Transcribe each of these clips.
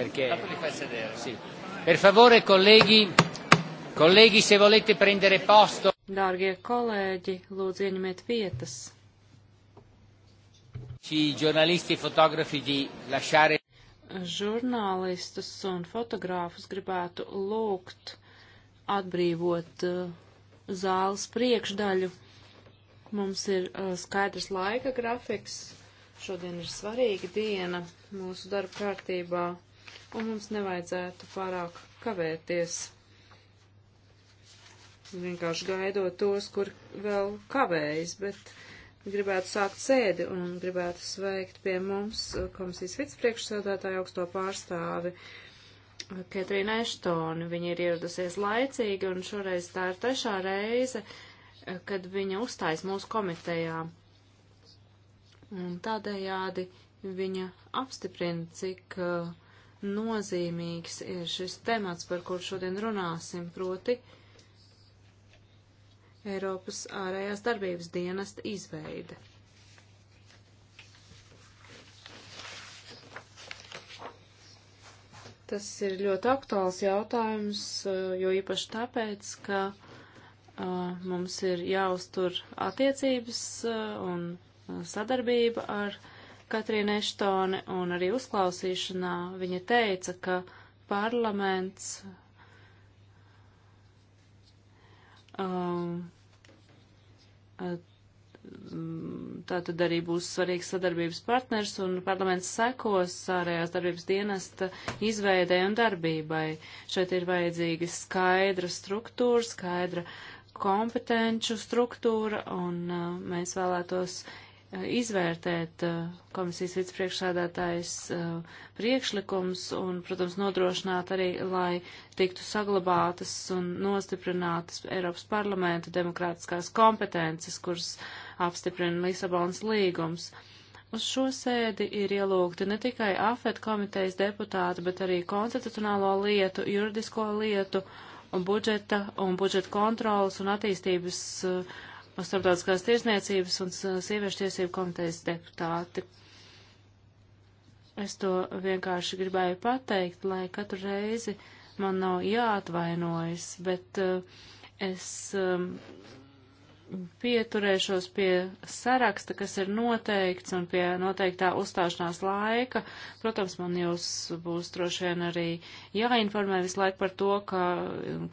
perché... Sì. Per favore, colleghi, colleghi, se volete prendere posto. Dārgie kolēģi, lūdzu ieņemiet vietas. Ci giornalisti e fotografi di lasciare žurnālistus un fotogrāfus gribētu lūgt atbrīvot uh, zāles priekšdaļu. Mums ir uh, skaidrs laika grafiks. Šodien ir svarīga diena mūsu darba kārtībā un mums nevajadzētu pārāk kavēties. Vienkārši gaidot tos, kur vēl kavējas, bet gribētu sākt sēdi un gribētu sveikt pie mums uh, komisijas vicepriekšsēdētāju augsto pārstāvi. Uh, Ketrīna Eštoni, viņa ir ieradusies laicīgi, un šoreiz tā ir trešā reize, uh, kad viņa uzstājas mūsu komitejā. Un tādējādi viņa apstiprina, cik uh, nozīmīgs ir šis temats, par kur šodien runāsim, proti Eiropas ārējās darbības dienesta izveide. Tas ir ļoti aktuāls jautājums, jo īpaši tāpēc, ka uh, mums ir jāuztur attiecības uh, un sadarbība ar uh, Katrīna Eštone un arī uzklausīšanā viņa teica, ka parlaments um, tā tad arī būs svarīgs sadarbības partners un parlaments sekos ārējās darbības dienesta izveidē un darbībai. Šeit ir vajadzīga skaidra struktūra, skaidra kompetenču struktūra un uh, mēs vēlētos izvērtēt eh, komisijas vicepriekšsādātājs eh, priekšlikums un, protams, nodrošināt arī, lai tiktu saglabātas un nostiprinātas Eiropas parlamenta demokrātiskās kompetences, kuras apstiprina Lisabonas līgums. Uz šo sēdi ir ielūgti ne tikai AFET komitejas deputāti, bet arī konstitucionālo lietu, juridisko lietu, budžeta un budžeta kontrolas un attīstības uh, starptautiskās tirsniecības un sieviešu tiesību komitejas deputāti. Es to vienkārši gribēju pateikt, lai katru reizi man nav jāatvainojas, bet uh, es um, pieturēšos pie saraksta, kas ir noteikts un pie noteiktā uzstāšanās laika. Protams, man jūs būs droši vien arī jāinformē visu laiku par to, ka,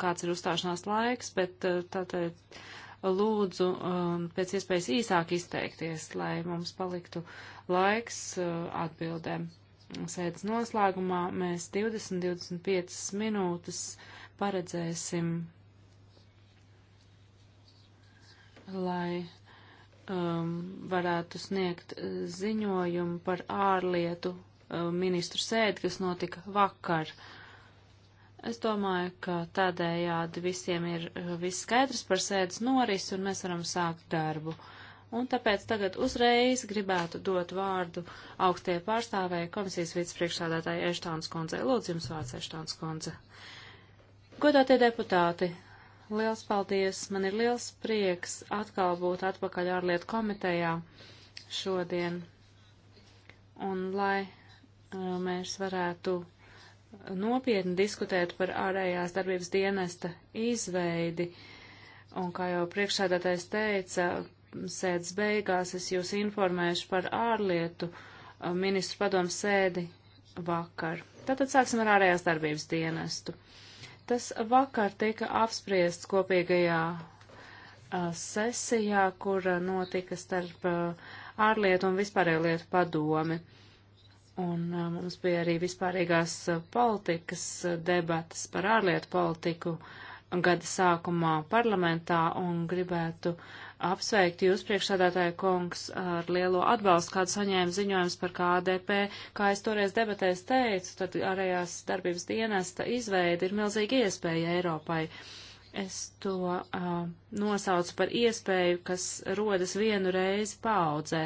kāds ir uzstāšanās laiks, bet uh, tātad. Tā, lūdzu um, pēc iespējas īsāk izteikties, lai mums paliktu laiks uh, atbildēm. Sēdes noslēgumā mēs 20-25 minūtes paredzēsim, lai um, varētu sniegt ziņojumu par ārlietu uh, ministru sēdi, kas notika vakar. Uh, Es domāju, ka tādējādi visiem ir eh, viss skaidrs par sēdes norisi un mēs varam sākt darbu. Un tāpēc tagad uzreiz gribētu dot vārdu augstie pārstāvēja komisijas vicepriekšsādātāja Eštāns kundze. Lūdzu, jums vārds Eštāns kundze. Godātie deputāti, liels paldies! Man ir liels prieks atkal būt atpakaļ ārlietu komitejā šodien. Un lai eh, mēs varētu nopietni diskutēt par ārējās darbības dienesta izveidi. Un, kā jau priekšsēdētājs teica, sēdes beigās es jūs informēšu par ārlietu ministru padomu sēdi vakar. Tātad sāksim ar ārējās darbības dienestu. Tas vakar tika apspriests kopīgajā sesijā, kura notika starp ārlietu un vispārējo lietu padomi. Un uh, mums bija arī vispārīgās uh, politikas uh, debatas par ārlietu politiku gada sākumā parlamentā un gribētu apsveikt jūs priekšsādātāju kungs ar lielo atbalstu, kādu saņēma ziņojums par KDP. Kā es toreiz debatēs teicu, tad ārējās darbības dienesta izveida ir milzīga iespēja Eiropai. Uh, Es to uh, nosaucu par iespēju, kas rodas vienu reizi paudzē.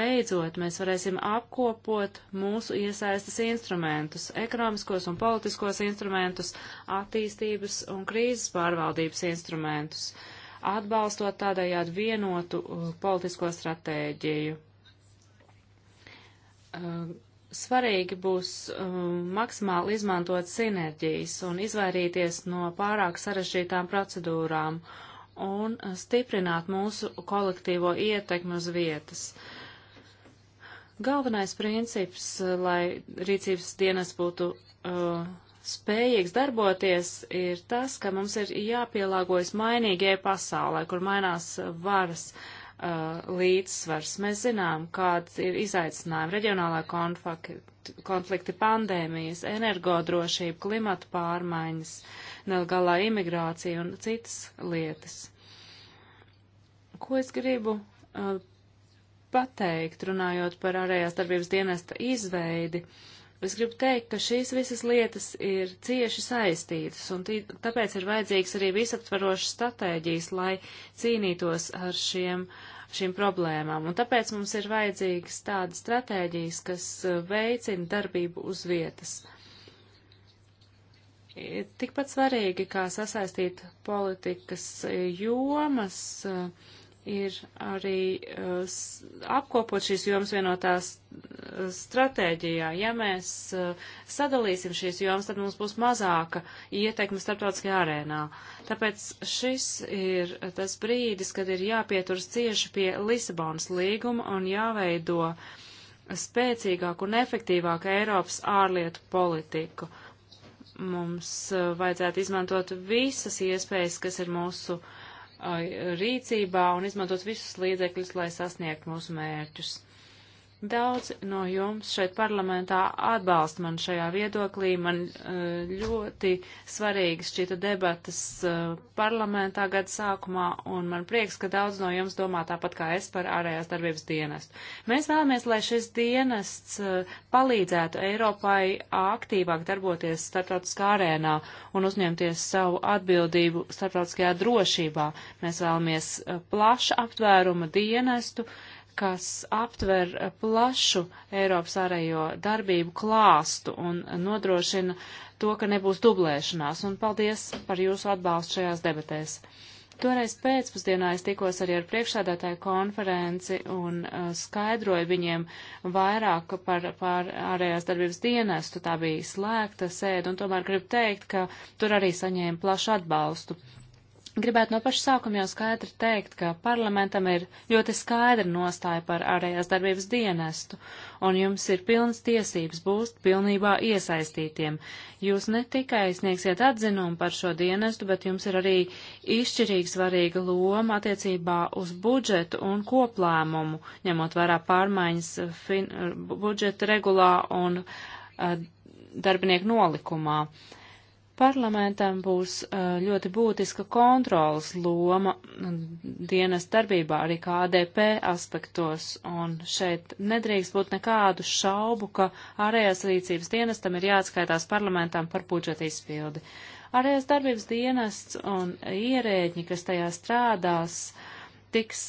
Beidzot, mēs varēsim apkopot mūsu iesaistas instrumentus, ekonomiskos un politiskos instrumentus, attīstības un krīzes pārvaldības instrumentus, atbalstot tādējādi vienotu uh, politisko stratēģiju. Uh, svarīgi būs um, maksimāli izmantot sinerģijas un izvairīties no pārāk sarežģītām procedūrām un stiprināt mūsu kolektīvo ietekmi uz vietas. Galvenais princips, lai rīcības dienas būtu uh, spējīgs darboties, ir tas, ka mums ir jāpielāgojas mainīgajai pasaulē, kur mainās varas uh, Uh, līdzsvars. Mēs zinām, kāds ir izaicinājumi reģionālā konflikti, pandēmijas, energodrošība, klimata pārmaiņas, nelegālā imigrācija un citas lietas. Ko es gribu uh, pateikt, runājot par ārējās darbības dienesta izveidi? Uh, Es gribu teikt, ka šīs visas lietas ir cieši saistītas, un tī, tāpēc ir vajadzīgs arī visaptvarošs stratēģijas, lai cīnītos ar šiem, šīm problēmām. Un tāpēc mums ir vajadzīgs tādas stratēģijas, kas uh, veicina darbību uz vietas. Tikpat svarīgi, kā sasaistīt politikas uh, jomas, uh, ir arī uh, apkopot šīs jomas vienotās uh, stratēģijā. Ja mēs uh, sadalīsim šīs jomas, tad mums būs mazāka ietekme starptautiskajā arēnā. Tāpēc šis ir tas brīdis, kad ir jāpieturas cieši pie Lisabonas līguma un jāveido spēcīgāku un efektīvāku Eiropas ārlietu politiku. Mums uh, vajadzētu izmantot visas iespējas, kas ir mūsu uh, rīcībā un izmantot visus līdzekļus, lai sasniegtu mūsu mērķus. Daudz no jums šeit parlamentā atbalsta man šajā viedoklī. Man eh, ļoti svarīgi šķita debatas eh, parlamentā gada sākumā, un man prieks, ka daudz no jums domā tāpat kā es par ārējās darbības dienestu. Mēs vēlamies, lai šis dienests eh, palīdzētu Eiropai aktīvāk darboties starptautiskā arēnā un uzņemties savu atbildību starptautiskajā drošībā. Mēs vēlamies plaša aptvēruma dienestu, uh, kas aptver plašu Eiropas ārējo darbību klāstu un nodrošina to, ka nebūs dublēšanās, un paldies par jūsu atbalstu šajās debatēs. Toreiz pēcpusdienā es tikos arī ar priekšsādātāju konferenci un uh, skaidroju viņiem vairāk par, par ārējās darbības dienestu. Tā bija slēgta sēde, un tomēr gribu teikt, ka tur arī saņēma plašu atbalstu. Gribētu no paša sākuma jau skaidri teikt, ka parlamentam ir ļoti skaidra nostāja par ārējās darbības dienestu, un jums ir pilnas tiesības būt pilnībā iesaistītiem. Jūs ne tikai sniegsiet atzinumu par šo dienestu, bet jums ir arī izšķirīgi svarīga loma attiecībā uz budžetu un koplēmumu, ņemot vērā pārmaiņas fin, budžeta regulā un uh, darbinieku nolikumā. Uh, Parlamentam būs ļoti būtiska kontrolas loma dienas darbībā arī kā ADP aspektos, un šeit nedrīkst būt nekādu šaubu, ka ārējās rīcības dienestam ir jāatskaitās parlamentam par budžeta izpildi. Ārējās darbības dienests un ierēģi, kas tajā strādās, tiks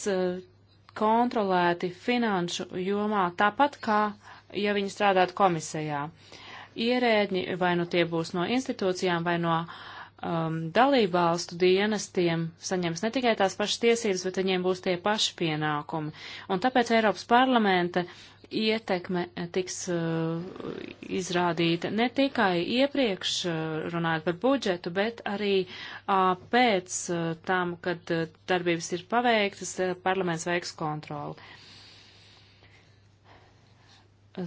kontrolēti finanšu jomā tāpat kā, ja viņi strādātu komisijā. Uh, ierēģi, vai nu tie būs no institūcijām vai no um, dalībvalstu dienestiem, saņems ne tikai tās pašas tiesības, bet viņiem būs tie paši pienākumi. Un tāpēc Eiropas parlamenta ietekme eh, tiks uh, izrādīta ne tikai iepriekš uh, runājot par budžetu, bet arī uh, pēc tam, kad darbības ir paveiktas, parlaments veiks kontroli.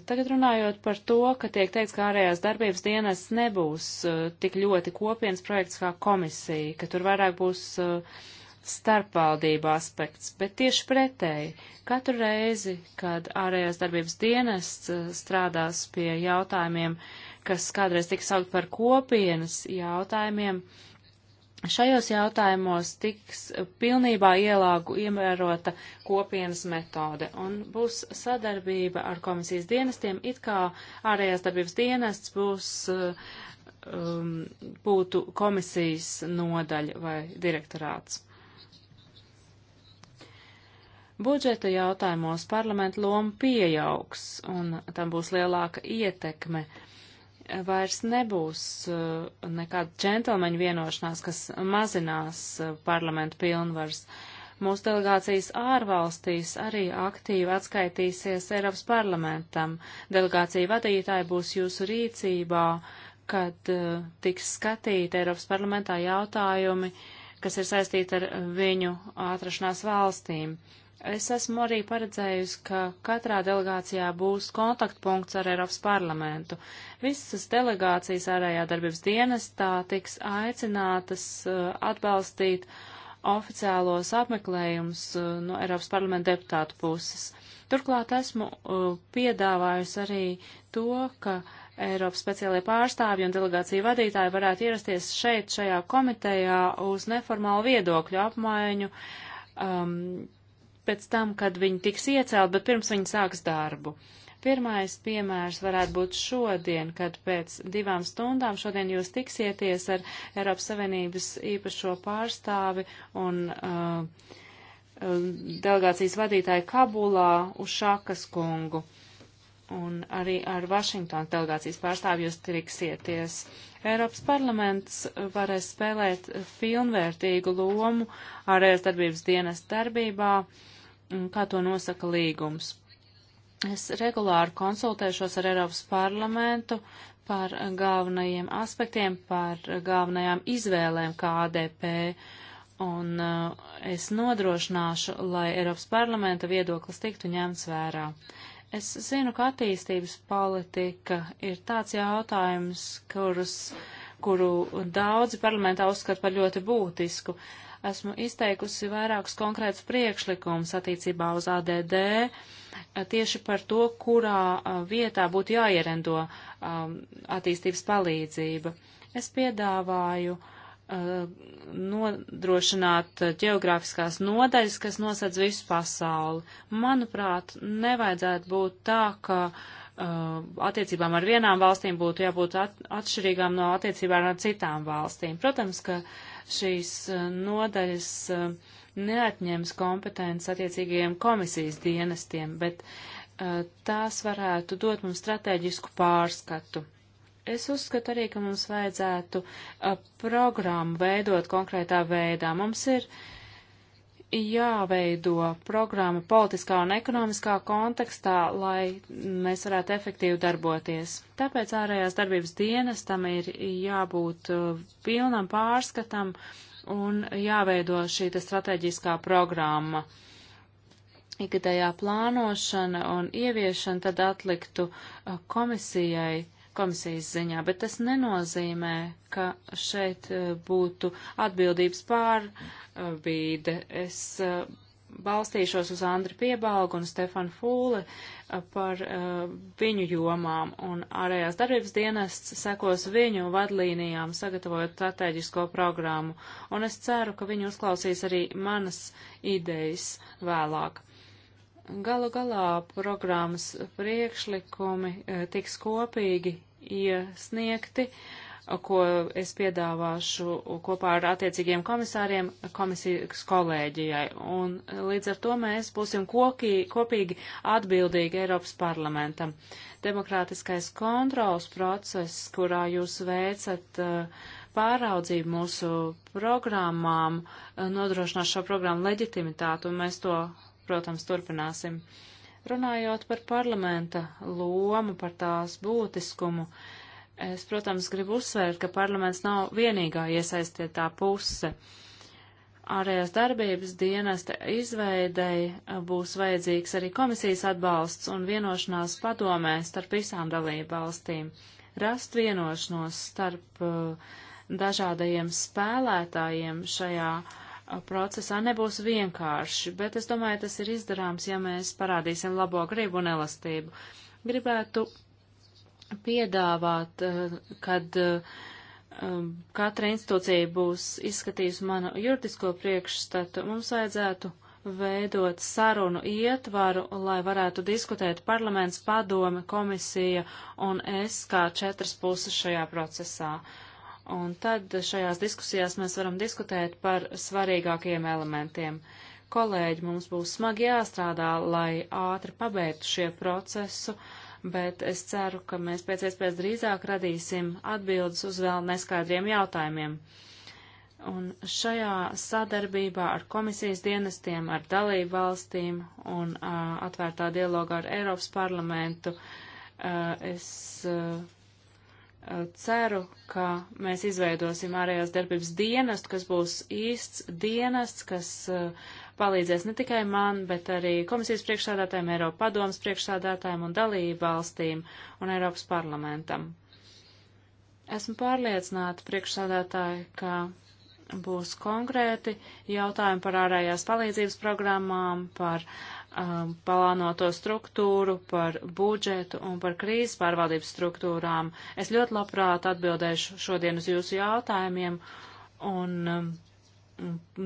Tagad runājot par to, ka tiek teikts, ka ārējās darbības dienas nebūs uh, tik ļoti kopienas projekts kā komisija, ka tur vairāk būs uh, starpvaldība aspekts, bet tieši pretēji. Katru reizi, kad ārējās darbības dienests uh, strādās pie jautājumiem, kas kādreiz tika saukt par kopienas jautājumiem, uh, Šajos jautājumos tiks pilnībā ielāgu ievērota kopienas metode un būs sadarbība ar komisijas dienestiem, it kā ārējās darbības dienests būs, um, būtu komisijas nodaļa vai direktorāts. Budžeta jautājumos parlamentu loma pieaugs un tam būs lielāka ietekme. Uh, vairs nebūs uh, nekāda džentlmeņa vienošanās, kas mazinās uh, parlamentu pilnvars. Mūsu delegācijas ārvalstīs arī aktīvi atskaitīsies Eiropas parlamentam. Delegācija vadītāji būs jūsu rīcībā, kad uh, tiks skatīti Eiropas parlamentā jautājumi, kas ir saistīti ar viņu atrašanās valstīm. Es esmu arī paredzējusi, ka katrā delegācijā būs kontaktpunkts ar Eiropas parlamentu. Visas delegācijas ārējā darbības dienestā tiks aicinātas uh, atbalstīt oficiālos apmeklējumus uh, no Eiropas parlamenta deputātu puses. Turklāt esmu uh, piedāvājusi arī to, ka Eiropas speciālie pārstāvji un delegāciju vadītāji varētu ierasties šeit, šajā komitejā, uz neformālu viedokļu apmaiņu. Um, pēc tam, kad viņi tiks iecelt, bet pirms viņi sāks darbu. Pirmais piemērs varētu būt šodien, kad pēc divām stundām šodien jūs tiksieties ar Eiropas Savienības īpašo pārstāvi un uh, uh delegācijas vadītāju Kabulā uz Šakas kungu. Un arī ar Vašingtonas delegācijas pārstāvi jūs tiksieties. Uh, Eiropas parlaments varēs spēlēt pilnvērtīgu lomu ārējās darbības dienas darbībā, kā to nosaka līgums. Es regulāri konsultēšos ar Eiropas parlamentu par galvenajiem aspektiem, par galvenajām izvēlēm kā ADP, un uh, es nodrošināšu, lai Eiropas parlamenta viedoklis tiktu ņemts vērā. Es zinu, ka attīstības politika ir tāds jautājums, kurus, kuru daudzi parlamentā uzskata par ļoti būtisku. Esmu izteikusi vairākus konkrētus priekšlikumus attiecībā uz ADD, tieši par to, kurā vietā būtu jāierendo attīstības palīdzība. Es piedāvāju uh, nodrošināt ģeogrāfiskās nodaļas, kas nosedz visu pasauli. Manuprāt, nevajadzētu būt tā, ka uh, attiecībām ar vienām valstīm būtu jābūt at atšķirīgām no attiecībām ar citām valstīm. Protams, ka šīs uh, nodaļas uh, neatņems kompetences attiecīgajiem komisijas dienestiem, bet uh, tās varētu dot mums strateģisku pārskatu. Es uzskatu arī, ka mums vajadzētu a, programmu veidot konkrētā veidā. Mums ir jāveido programma politiskā un ekonomiskā kontekstā, lai mēs varētu efektīvi darboties. Tāpēc ārējās darbības dienas tam ir jābūt a, pilnam pārskatam un jāveido šī strateģiskā programma. Ikgadējā plānošana un ieviešana tad atliktu a, komisijai komisijas ziņā, bet tas nenozīmē, ka šeit eh, būtu atbildības pārbīde. Eh, es eh, balstīšos uz Andri Piebalgu un Stefanu Fūle par viņu jomām, un ārējās darbības dienests sekos viņu vadlīnijām, sagatavojot strateģisko programmu, un es ceru, ka viņi uzklausīs arī manas idejas vēlāk. Galu galā programmas priekšlikumi e, tiks kopīgi iesniegti, ko es piedāvāšu kopā ar attiecīgiem komisāriem komisijas kolēģijai. Un e, līdz ar to mēs būsim kokī, kopīgi atbildīgi Eiropas parlamentam. Demokrātiskais kontrols process, kurā jūs veicat uh, pāraudzību mūsu programmām, nodrošinās šo programmu leģitimitātu, un mēs to protams, turpināsim. Runājot par parlamenta lomu, par tās būtiskumu, es, protams, gribu uzsvērt, ka parlaments nav vienīgā iesaistītā puse. Ārējās darbības dienesta izveidei būs vajadzīgs arī komisijas atbalsts un vienošanās padomē starp visām dalību valstīm. Rast vienošanos starp uh, dažādajiem spēlētājiem šajā uh, procesā nebūs vienkārši, bet es domāju, tas ir izdarāms, ja mēs parādīsim labo gribu un elastību. Gribētu piedāvāt, eh, kad eh, um, katra institūcija būs izskatījusi manu juridisko priekšstatu, mums vajadzētu veidot sarunu ietvaru, lai varētu diskutēt parlaments, padome, komisija un es kā četras puses šajā procesā. Uh, Un tad šajās diskusijās mēs varam diskutēt par svarīgākajiem elementiem. Kolēģi, mums būs smagi jāstrādā, lai ātri pabeigtu šie procesu, bet es ceru, ka mēs pēc iespējas drīzāk radīsim atbildes uz vēl neskaidriem jautājumiem. Un šajā sadarbībā ar komisijas dienestiem, ar dalību valstīm un uh, atvērtā dialogā ar Eiropas parlamentu uh, es. Uh, ceru, ka mēs izveidosim ārējās darbības dienestu, kas būs īsts dienests, kas uh, palīdzēs ne tikai man, bet arī komisijas priekšsādātājiem, Eiropa padomas priekšsādātājiem un dalību valstīm un Eiropas parlamentam. Esmu pārliecināta priekšsādātāji, ka būs konkrēti jautājumi par ārējās palīdzības programmām, par uh, um, palānoto struktūru, par budžetu un par krīzes pārvaldības struktūrām. Es ļoti labprāt atbildēšu šodien uz jūsu jautājumiem un um,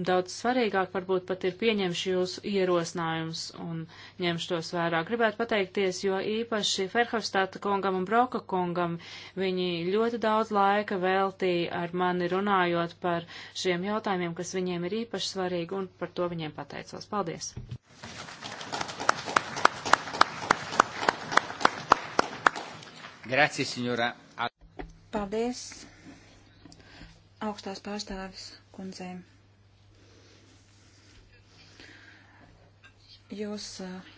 daudz svarīgāk varbūt pat ir pieņemšu jūsu ierosinājumus un ņemšu tos vērā. Gribētu pateikties, jo īpaši Ferhofstāta kungam un Broka kungam viņi ļoti daudz laika veltīja ar mani runājot par šiem jautājumiem, kas viņiem ir īpaši svarīgi un par to viņiem pateicos. Paldies! Thank you. Grazie, signora. Paldies augstās pārstāvis kundzēm. Jūs uh,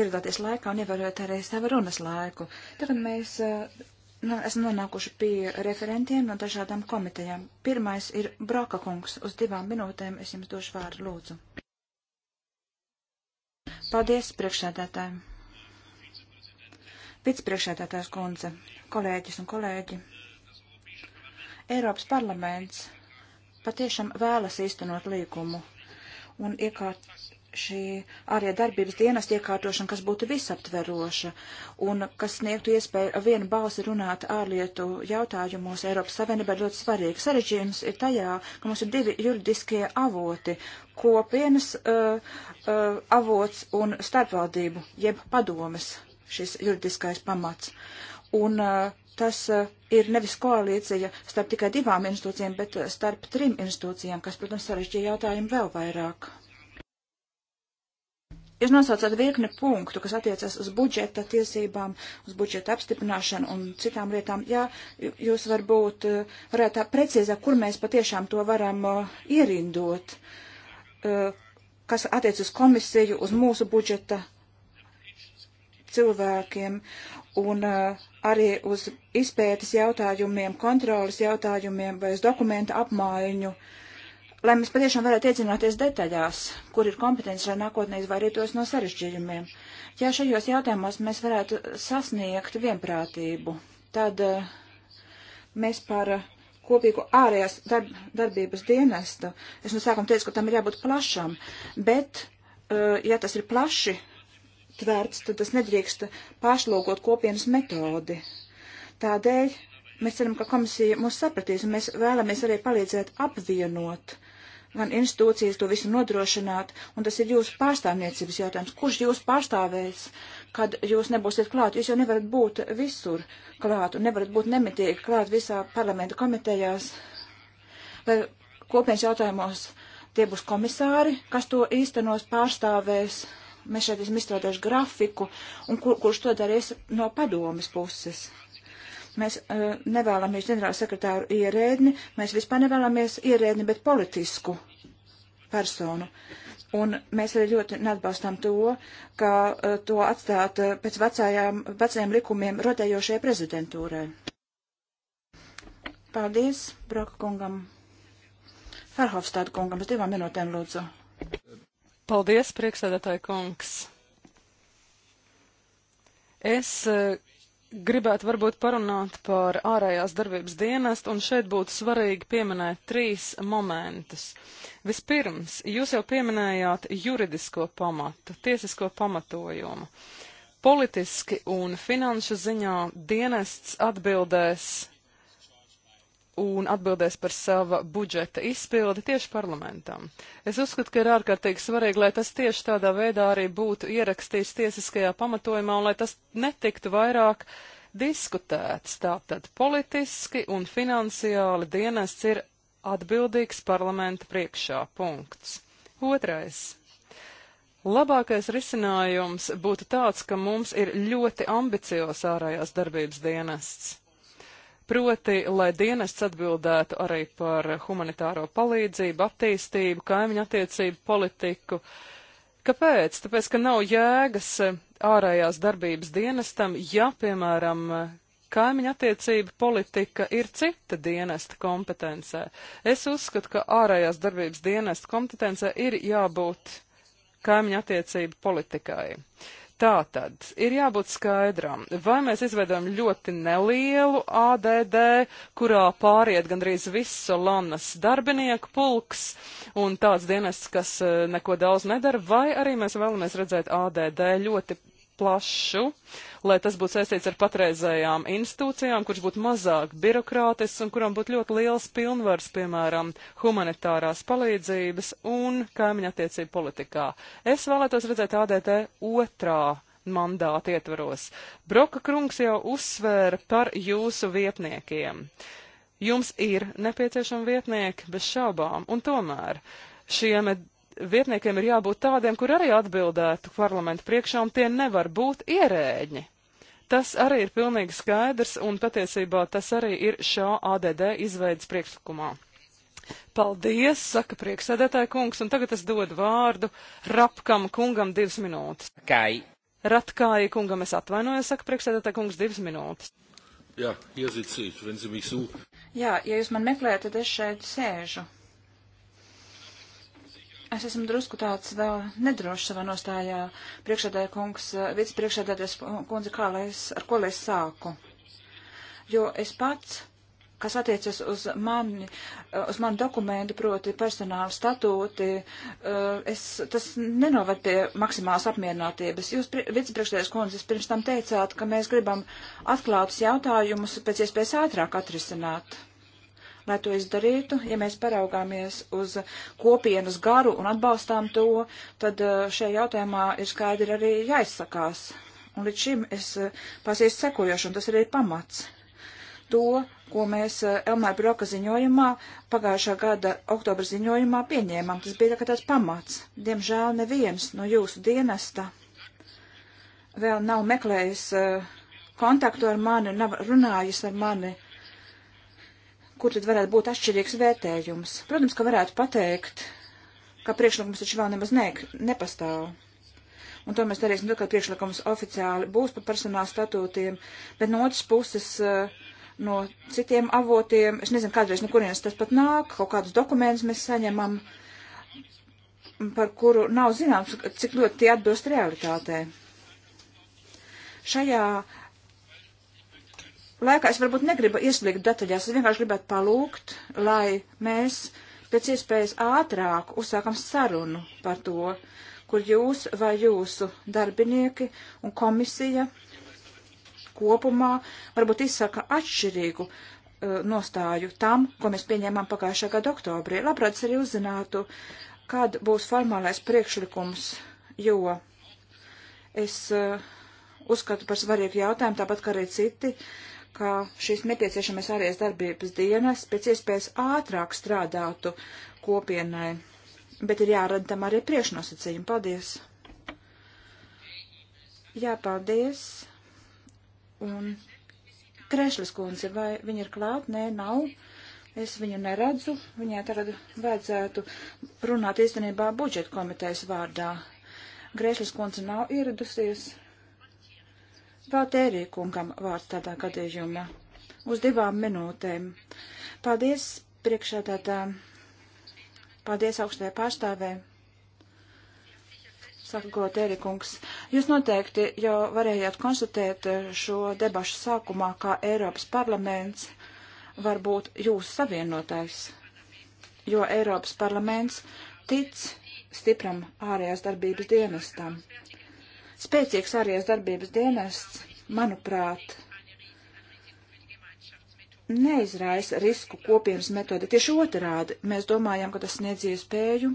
ieradāties laikā un ievērojat arī savu runas laiku. Tagad mēs uh, nu, esam nonākuši pie referentiem no dažādām komitejām. Pirmais ir Broka kungs. Uz divām minūtēm es jums došu vārdu lūdzu. Paldies priekšsēdētājiem. Vicepriekšētātājs kundze, kolēģis un kolēģi, Eiropas parlaments patiešām vēlas īstenot līgumu un iekārt šī ārējā darbības dienas iekārtošana, kas būtu visaptveroša un kas sniegtu iespēju ar vienu balsi runāt ārlietu jautājumos Eiropas Savienībā ir ļoti svarīgi. Sarežģījums ir tajā, ka mums ir divi juridiskie avoti - kopienas uh, uh, avots un starpvaldību, jeb padomes šis juridiskais pamats. Un uh, tas uh, ir nevis koalīcija starp tikai divām institūcijām, bet uh, starp trim institūcijām, kas, protams, sarežģīja jautājumu vēl vairāk. Jūs nosaucat virkni punktu, kas attiecas uz budžeta tiesībām, uz budžeta apstiprināšanu un citām lietām. Jā, jūs varbūt uh, varētu tā precīzāk, kur mēs patiešām to varam uh, ierindot, uh, kas attiec uz komisiju, uz mūsu budžeta cilvēkiem un uh, arī uz izpētes jautājumiem, kontrolas jautājumiem vai uz dokumentu apmaiņu, lai mēs patiešām varētu iedzināties detaļās, kur ir kompetence, lai nākotnē izvairītos no sarežģījumiem. Ja šajos jautājumos mēs varētu sasniegt vienprātību, tad uh, mēs par uh, kopīgu ārējās darb darbības dienestu, es no sākuma teicu, ka tam ir jābūt plašam, bet, uh, ja tas ir plaši, ietverts, tad tas nedrīkst pašlūkot kopienas metodi. Tādēļ mēs ceram, ka komisija mūs sapratīs, un mēs vēlamies arī palīdzēt apvienot gan institūcijas to visu nodrošināt, un tas ir jūsu pārstāvniecības jautājums. Kurš jūs pārstāvēs, kad jūs nebūsiet klāt? Jūs jau nevarat būt visur klāt, un nevarat būt nemitīgi klāt visā parlamenta komitejās vai kopienas jautājumos. Tie būs komisāri, kas to īstenos pārstāvēs. Uh, Mēs šeit esam izstrādājuši grafiku, un kur, kurš to darīs no padomas puses. Mēs uh, nevēlamies ģenerāla sekretāru ierēdni, mēs vispār nevēlamies ierēdni, bet politisku personu. Un mēs arī ļoti neatbalstām to, ka uh, to atstāt uh, pēc vecajām, vecajiem likumiem rotējošajai prezidentūrai. Paldies, Broka kungam. Ferhofstāda kungam, uz divām minūtēm lūdzu. Paldies, priekšsēdētāji kungs. Es e, gribētu varbūt parunāt par ārējās darbības dienestu, un šeit būtu svarīgi pieminēt trīs momentus. Vispirms, jūs jau pieminējāt juridisko pamatu, tiesisko pamatojumu. Politiski un finanšu ziņā dienests atbildēs un atbildēs par sava budžeta izpildi tieši parlamentam. Es uzskatu, ka ir ārkārtīgi svarīgi, lai tas tieši tādā veidā arī būtu ierakstīts tiesiskajā pamatojumā un lai tas netiktu vairāk diskutēts. Tātad politiski un finansiāli dienests ir atbildīgs parlamenta priekšā. Punkts. Otrais. Labākais risinājums būtu tāds, ka mums ir ļoti ambiciozs ārējās darbības dienests. Proti, lai dienests atbildētu arī par humanitāro palīdzību, attīstību, kaimiņu attiecību politiku. Kāpēc? Tāpēc, ka nav jēgas eh, ārējās darbības dienestam, ja, piemēram, eh, kaimiņa attiecība politika ir cita dienesta kompetencē. Es uzskatu, ka ārējās darbības dienesta kompetencē ir jābūt kaimiņa attiecība politikai. Tātad ir jābūt skaidram, vai mēs izveidojam ļoti nelielu ADD, kurā pāriet gandrīz viss Solanas darbinieku pulks un tāds dienests, kas eh, neko daudz nedara, vai arī mēs vēlamies redzēt ADD ļoti plašu, lai tas būtu saistīts ar patreizējām institūcijām, kurš būtu mazāk birokrātisks un kuram būtu ļoti liels pilnvars, piemēram, humanitārās palīdzības un kaimiņa attiecību politikā. Es vēlētos redzēt ADT otrā mandāta ietvaros. Broka kungs jau uzsvēra par jūsu vietniekiem. Jums ir nepieciešami vietnieki bez šaubām, un tomēr šiem vietniekiem ir jābūt tādiem, kur arī atbildētu parlamentu priekšā, un tie nevar būt ierēģi. Tas arī ir pilnīgi skaidrs, un patiesībā tas arī ir šā ADD izveidas priekšlikumā. Paldies, saka priekšsēdētāja kungs, un tagad es dodu vārdu Rapkam kungam divas minūtes. Kai. Ratkāja kungam es atvainojos, saka priekšsēdētāja kungs divas minūtes. Jā, iezicīt, viens mīsū. Jā, ja jūs man meklējat, tad es šeit sēžu. Es esmu drusku tāds vēl nedrošs savā nostājā. Priekšādāja kungs, eh, vicepriekšādātais kundze, kā lai es, ar ko lai es sāku. Jo es pats, kas attiecas uz mani, eh, uz manu dokumentu, proti personāla statūti, eh, es, tas nenovad pie maksimālas apmierinātības. Jūs, vicepriekšādājas kundze, pirms tam teicāt, ka mēs gribam atklātus jautājumus pēc iespējas ātrāk atrisināt lai to izdarītu, ja mēs paraugāmies uz kopienas garu un atbalstām to, tad eh, šajā jautājumā ir skaidri arī jāizsakās. Un līdz šim es eh, pasīstu sekojošu, un tas arī ir pamats. To, ko mēs eh, Elmāra Broka ziņojumā, pagājušā gada oktobra ziņojumā pieņēmām, tas bija tā tāds pamats. Diemžēl neviens no jūsu dienesta vēl nav meklējis kontaktu ar mani, nav runājis ar mani. Uh, kur tad varētu būt atšķirīgs vērtējums. Protams, ka varētu pateikt, ka priekšlikums taču vēl nemaz ne, nepastāv. Un to mēs darīsim, tad, kad priekšlikums oficiāli būs par personāla statūtiem, bet no otras puses, eh, no citiem avotiem, es nezinu, kādreiz no kurienes tas pat nāk, kaut kādus dokumentus mēs saņemam, par kuru nav zināms, cik ļoti tie atbilst realitātei. Šajā uh, laikā es varbūt negribu ieslīgt detaļās, es vienkārši gribētu palūgt, lai mēs pēc iespējas ātrāk uzsākam sarunu par to, kur jūs vai jūsu darbinieki un komisija kopumā varbūt izsaka atšķirīgu uh, nostāju tam, ko mēs pieņēmām pagājušā gada oktobrī. Labprāt, es arī uzzinātu, kad būs formālais priekšlikums, jo es uh, uzskatu par svarīgu jautājumu, tāpat kā arī citi, uh, ka šis nepieciešamais ārējais darbības dienas pēc iespējas ātrāk strādātu kopienai, bet ir jārada tam arī priekšnosacījumi. Paldies! Jā, paldies! Un Krešlis kundze, vai viņa ir klāt? Nē, nav. Es viņu neredzu. Viņai tagad vajadzētu runāt īstenībā budžeta komitejas vārdā. Grēšlis kundze nav ieradusies. Vēl tērīkungam vārds tādā gadījumā. Uz divām minūtēm. Paldies priekšādātā. Paldies augstajai pārstāvē. Saka, ko tērīkungs. Jūs noteikti jau varējāt konstatēt šo debašu sākumā, kā Eiropas parlaments var būt jūsu savienotājs, jo Eiropas parlaments tic stipram ārējās darbības dienestam. Spēcīgs ārējās darbības dienests, manuprāt, neizraisa risku kopienas metode. Tieši otrādi, mēs domājam, ka tas sniedz iespēju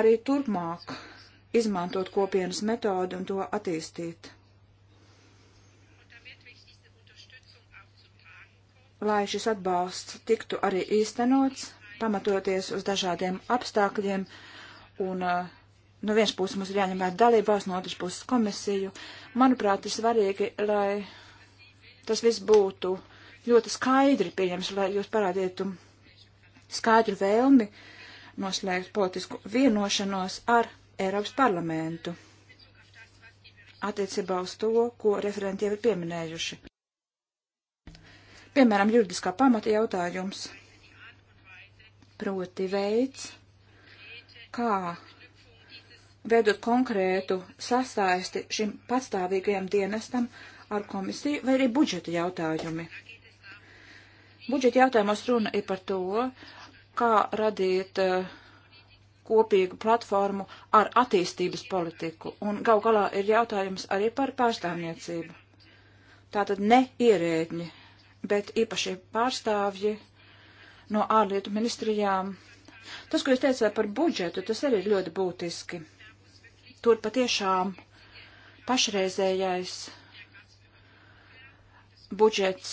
arī turpmāk izmantot kopienas metodu un to attīstīt. Lai šis atbalsts tiktu arī īstenots, pamatoties uz dažādiem apstākļiem un uh, no vienas puses mums ir jāņem vērā dalībās, no otras puses komisiju. Manuprāt, ir svarīgi, lai tas viss būtu ļoti skaidri pieņems, lai jūs parādītu skaidru vēlmi noslēgt politisku vienošanos ar Eiropas parlamentu attiecībā uz to, ko referenti jau ir pieminējuši. Piemēram, juridiskā pamata jautājums, proti veids, kā veidot konkrētu sasaisti šim patstāvīgajam dienestam ar komisiju vai arī budžeta jautājumi. Budžeta jautājumos runa ir par to, kā radīt uh, kopīgu platformu ar attīstības politiku, un gal galā ir jautājums arī par pārstāvniecību. Tātad ne ierēģi, bet īpaši pārstāvji no ārlietu ministrijām. Tas, ko jūs teicāt par budžetu, tas arī ir ļoti būtiski tur patiešām pašreizējais budžets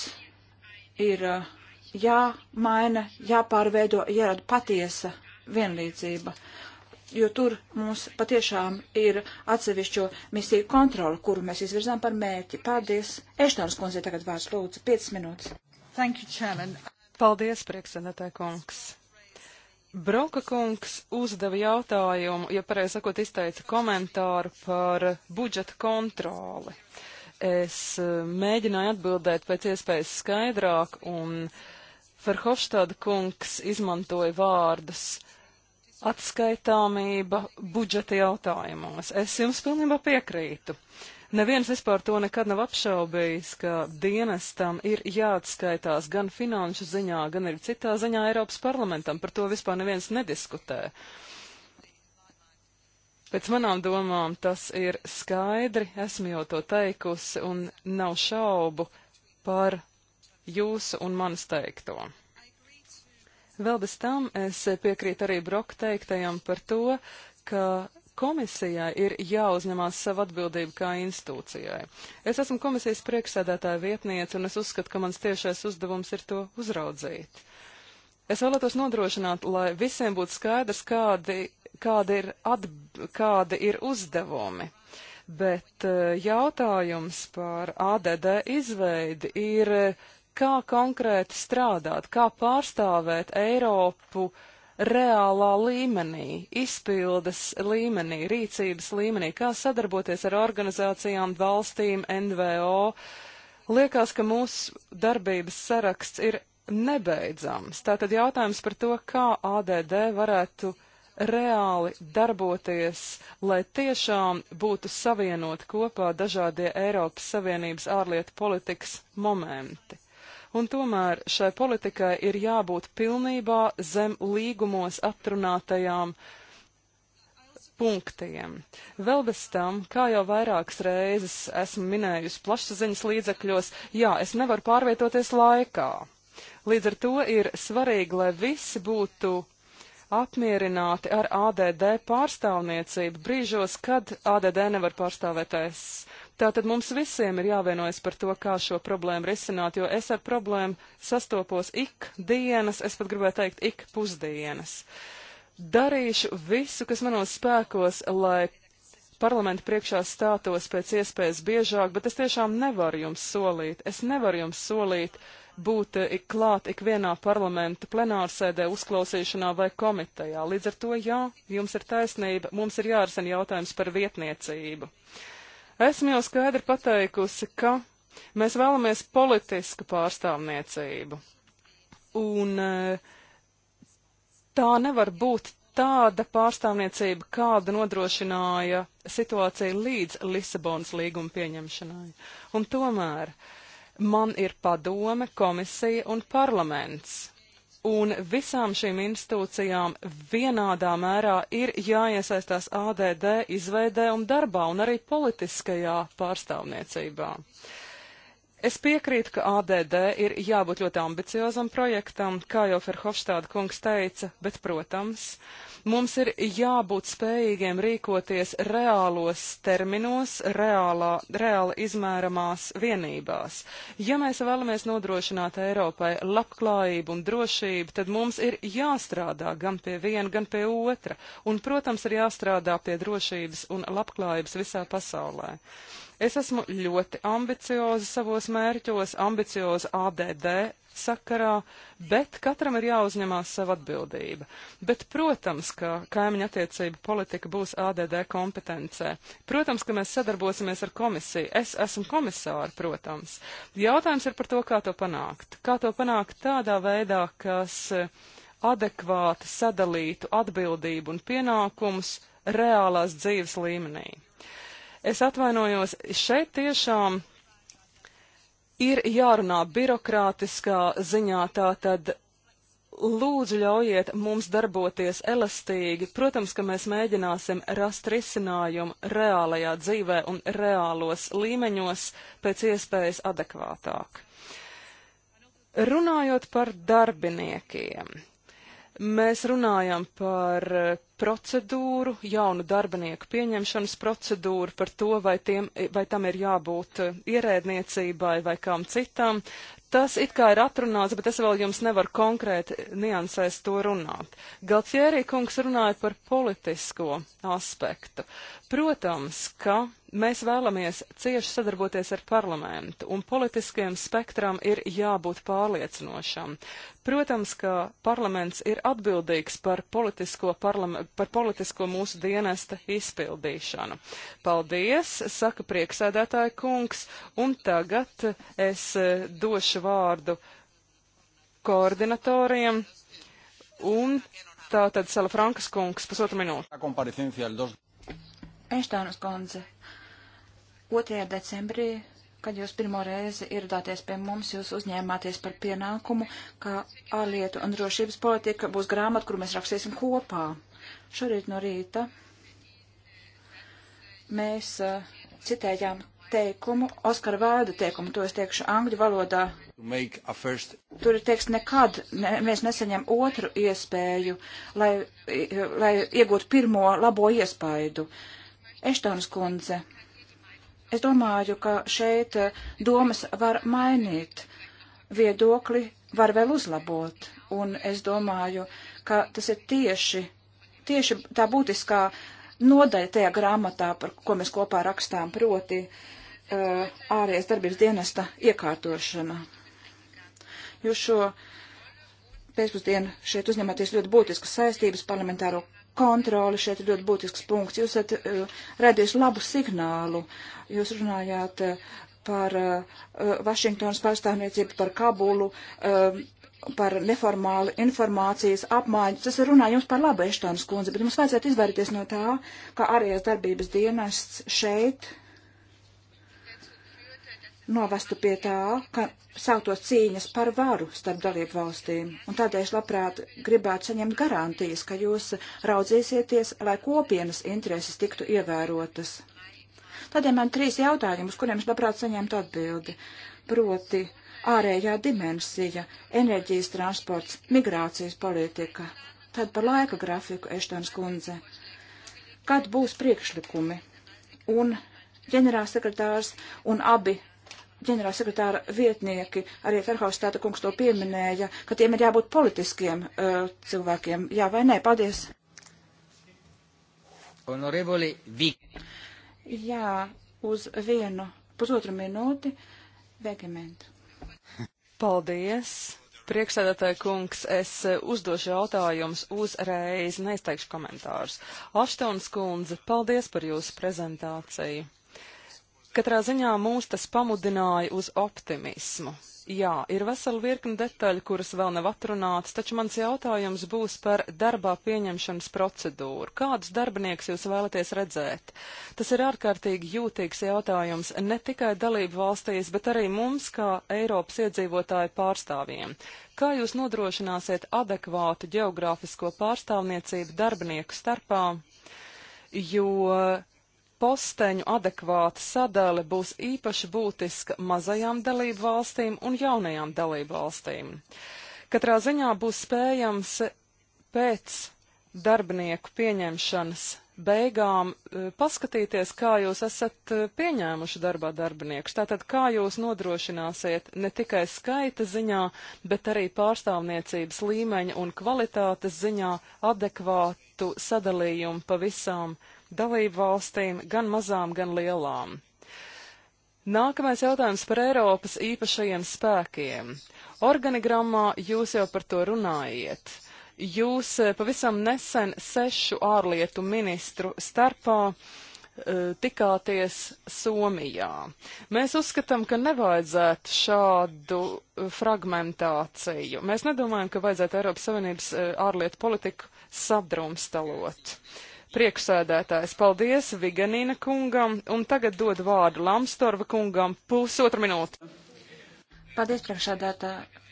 ir eh, jāmaina, jāpārveido, jārada patiesa vienlīdzība, jo tur mums patiešām ir atsevišķo misiju kontroli, kuru mēs izvirzām par mērķi. Paldies! Eštāns kundze tagad vārds lūdzu, 5 minūtes. Thank you, Chairman. Paldies, prieksenetē kungs. Broka kungs uzdeva jautājumu, ja pareizi sakot, izteica komentāru par budžeta kontroli. Es eh, mēģināju atbildēt pēc iespējas skaidrāk, un Ferhofstāda kungs izmantoja vārdus atskaitāmība budžeta jautājumos. Es jums pilnībā piekrītu. Uh, Neviens vispār to nekad nav apšaubījis, ka dienestam ir jāatskaitās gan finanšu ziņā, gan arī citā ziņā Eiropas parlamentam. Par to vispār neviens nediskutē. Pēc manām domām tas ir skaidri, esmu jau to teikusi un nav šaubu par jūsu un manas teikto. Vēl bez tam es piekrītu arī Broka teiktajam par to, ka komisijai ir jāuzņemās savu atbildību kā institūcijai. Es esmu komisijas priekšsēdētāja vietniece, un es uzskatu, ka mans tiešais uzdevums ir to uzraudzīt. Es vēlētos nodrošināt, lai visiem būtu skaidrs, kādi, kādi, ir, atb, kādi ir uzdevumi. Bet e, jautājums par ADD izveidi ir, e, kā konkrēti strādāt, kā pārstāvēt Eiropu uh, reālā līmenī, izpildes līmenī, rīcības līmenī, kā sadarboties ar organizācijām, valstīm, NVO. Liekas, ka mūsu darbības saraksts ir nebeidzams. Tātad jautājums par to, kā ADD varētu reāli darboties, lai tiešām būtu savienot kopā dažādie Eiropas Savienības ārlietu politikas momenti. Un tomēr šai politikai ir jābūt pilnībā zem līgumos atrunātajām punktiem. Vēl bez tam, kā jau vairākas reizes esmu minējusi plašsaziņas līdzekļos, jā, es nevaru pārvietoties laikā. Līdz ar to ir svarīgi, lai visi būtu apmierināti ar ADD pārstāvniecību brīžos, kad ADD nevar pārstāvēties. Tātad mums visiem ir jāvienojas par to, kā šo problēmu risināt, jo es ar problēmu sastopos ik dienas, es pat gribēju teikt ik pusdienas. Darīšu visu, kas manos spēkos, lai parlamentu priekšā stātos pēc iespējas biežāk, bet es tiešām nevaru jums solīt. Es nevaru jums solīt būt eh, ik klāt ikvienā parlamenta plenārsēdē, uzklausīšanā vai komitejā. Līdz ar to, jā, jums ir taisnība, mums ir jārisina jautājums par vietniecību. Uh, Esmu jau skaidri pateikusi, ka mēs vēlamies politisku pārstāvniecību. Un eh, tā nevar būt tāda pārstāvniecība, kāda nodrošināja situācija līdz Lisabonas līguma pieņemšanai. Un tomēr man ir padome, komisija un parlaments un visām šīm institūcijām vienādā mērā ir jāiesaistās ADD izveidē un darbā un arī politiskajā pārstāvniecībā. Uh, Es piekrītu, ka ADD ir jābūt ļoti ambiciozam projektam, kā jau Ferhofstāda kungs teica, bet, protams, mums ir jābūt spējīgiem rīkoties reālos terminos, reālā, reāli izmēramās vienībās. Ja mēs vēlamies nodrošināt Eiropai labklājību un drošību, tad mums ir jāstrādā gan pie viena, gan pie otra, un, protams, ir jāstrādā pie drošības un labklājības visā pasaulē. Es esmu ļoti ambicioza savos mērķos, ambicioza ADD sakarā, bet katram ir jāuzņemās sava atbildība. Bet, protams, ka kaimiņa attiecība politika būs ADD kompetencē. Protams, ka mēs sadarbosimies ar komisiju. Es esmu komisāra, protams. Jautājums ir par to, kā to panākt. Kā to panākt tādā veidā, kas adekvāti sadalītu atbildību un pienākumus reālās dzīves līmenī. Es atvainojos, šeit tiešām ir jārunā birokrātiskā ziņā, tātad lūdzu ļaujiet mums darboties elastīgi. Protams, ka mēs mēģināsim rast risinājumu reālajā dzīvē un reālos līmeņos pēc iespējas adekvātāk. Runājot par darbiniekiem, Mēs runājam par eh, procedūru, jaunu darbinieku pieņemšanas procedūru, par to, vai, tiem, vai tam ir jābūt eh, ierēdniecībai vai kam citam. Tas it kā ir atrunāts, bet es vēl jums nevaru konkrēti niansēs to runāt. Galtjērī kungs runāja par politisko aspektu. Protams, ka mēs vēlamies cieši sadarboties ar parlamentu, un politiskajam spektram ir jābūt pārliecinošam. Protams, ka parlaments ir atbildīgs par politisko, parlam par politisko mūsu dienesta izpildīšanu. Paldies, saka prieksēdētāja kungs, un tagad es eh, došu vārdu koordinatoriem, un tātad Sala Frankas kungs, pusotru minūtu. Eštānas kundze, 2. decembrī, kad jūs pirmo reizi ieradāties pie mums, jūs uzņēmāties par pienākumu, ka ārlietu un drošības politika būs grāmata, kuru mēs rakstīsim kopā. Šorīt no rīta mēs uh, citējām teikumu, Oskara Vēda teikumu, to es teikšu angļu valodā. Tur ir teiks, nekad ne, mēs nesaņem otru iespēju, lai, lai iegūtu pirmo labo iespaidu. Uh, Eštons kundze, es domāju, ka šeit eh, domas var mainīt, viedokli var vēl uzlabot, un es domāju, ka tas ir tieši, tieši tā būtiskā nodaļa tajā grāmatā, par ko mēs kopā rakstām, proti uh, ārējais darbības dienesta iekārtošana. Jūs šo pēcpusdienu šeit uzņematies ļoti būtiskas saistības parlamentāro kontroli šeit ir ļoti būtisks punkts. Jūs esat uh, eh, radījuši labu signālu. Jūs runājāt uh, par uh, Vašingtonas pārstāvniecību, par Kabulu, par neformālu informācijas apmaiņu. Tas ir runā jums par labu Eštānas kundze, bet mums vajadzētu izvairīties no tā, ka ārējās darbības dienests šeit novestu pie tā, ka sāktos cīņas par varu starp dalību valstīm, un tādēļ labprāt gribētu saņemt garantijas, ka jūs raudzīsieties, lai kopienas intereses tiktu ievērotas. Tādēļ man trīs jautājumi, uz kuriem es labprāt saņemtu atbildi, proti ārējā dimensija, enerģijas transports, migrācijas politika, tad par laika grafiku, Eštons kundze. Kad būs priekšlikumi? Un ģenerālsekretārs un abi ģenerālsekretāra vietnieki, arī Ferhaustāta kungs to pieminēja, ka tiem ir jābūt politiskiem uh, cilvēkiem. Jā vai nē? Paldies. Honorevoli Vik. Jā, uz vienu pusotru minūti. Vegementu. Paldies. Priekšsēdētāja kungs, es eh, uzdošu jautājumus uzreiz, neizteikšu komentārus. Aštons kundze, paldies par jūsu prezentāciju. Katrā ziņā mūs tas pamudināja uz optimismu. Jā, ir vesela virkni detaļu, kuras vēl nav atrunātas, taču mans jautājums būs par darbā pieņemšanas procedūru. Kādus darbinieks jūs vēlaties redzēt? Tas ir ārkārtīgi jūtīgs jautājums ne tikai dalību valstīs, bet arī mums, kā Eiropas iedzīvotāju pārstāvjiem. Kā jūs nodrošināsiet adekvātu geogrāfisko pārstāvniecību darbinieku starpā? Jo posteņu adekvāta sadale būs īpaši būtiska mazajām dalību valstīm un jaunajām dalību valstīm. Katrā ziņā būs spējams pēc darbinieku pieņemšanas beigām e, paskatīties, kā jūs esat e, pieņēmuši darbā darbiniekus. Tātad, kā jūs nodrošināsiet ne tikai skaita ziņā, bet arī pārstāvniecības līmeņa un kvalitātes ziņā adekvātu sadalījumu pa visām uh, dalību valstīm, gan mazām, gan lielām. Nākamais jautājums par Eiropas īpašajiem spēkiem. Organigrammā jūs jau par to runājiet. Jūs eh, pavisam nesen sešu ārlietu ministru starpā uh, tikāties Somijā. Mēs uzskatām, ka nevajadzētu šādu eh, fragmentāciju. Mēs nedomājam, ka vajadzētu Eiropas Savienības ārlietu politiku sadrumstalot. Uh, Prieksēdētājs, paldies Viganīna kungam, un tagad dod vārdu Lamstorva kungam pusotra minūte. Paldies, priekšsēdētāji.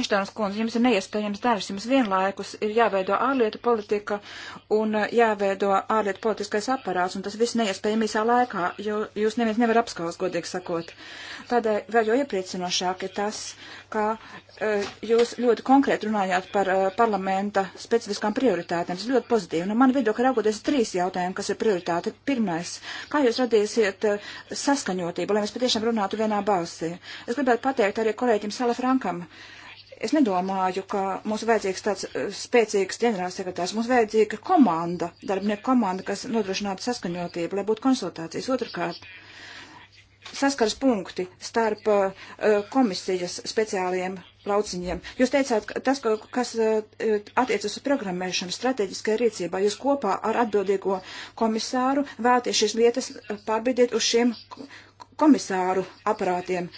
Eštāns kundze, jums ir neiespējams darbs, jums vienlaikus ir jāveido ārlietu politika un uh, jāveido ārlietu politiskais aparāts, un tas viss neiespējami īsā laikā, jo jūs neviens nevar apskaust, godīgi sakot. Tādēļ vēl jo iepriecinošāk ir tas, ka uh, jūs ļoti konkrēti runājāt par uh, parlamenta specifiskām prioritātēm. Tas ļoti pozitīvi. No nu, man viedokļa raugoties trīs jautājumi, kas ir prioritāte. Pirmais, kā jūs radīsiet uh, saskaņotību, lai mēs patiešām runātu vienā balsī? Es gribētu pateikt arī kolēģim Salafrankam. Frankam Es nedomāju, ka mums vajadzīgs tāds eh, spēcīgs ģenerālsekretārs. Mums vajadzīga komanda, darbinieku komanda, kas nodrošinātu saskaņotību, lai būtu konsultācijas. Otrkārt, saskars punkti starp uh, komisijas speciālajiem lauciņiem. Jūs teicāt, ka tas, kas uh, attiecas uz programmēšanu, strateģiskajā rīcībā, jūs kopā ar atbildīgo komisāru vēlaties šīs lietas pārbīdīt uz šiem komisāru aparātiem.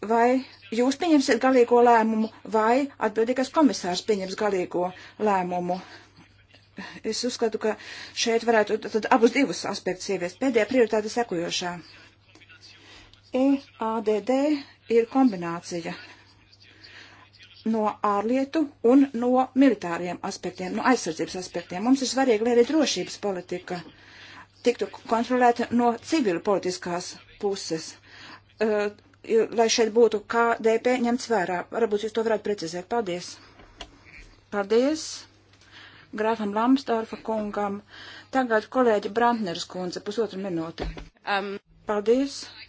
Vai jūs pieņemsiet galīgo lēmumu vai atbildīgais komisārs pieņems galīgo lēmumu. Es uzskatu, ka šeit varētu tad abus divus aspektus ieviest. Pēdējā prioritāte sekojošā. EADD ir kombinācija no ārlietu un no militāriem aspektiem, no aizsardzības aspektiem. Mums ir svarīgi, lai arī drošības politika tiktu kontrolēta no civila politiskās puses. Uh, lai šeit būtu KDP ņemts vērā. Varbūt jūs to varētu precizēt. Paldies. Paldies grāfam Lamstārfa kungam. Tagad kolēģi Brantneres kundze, pusotru minūti. Um, Paldies. My...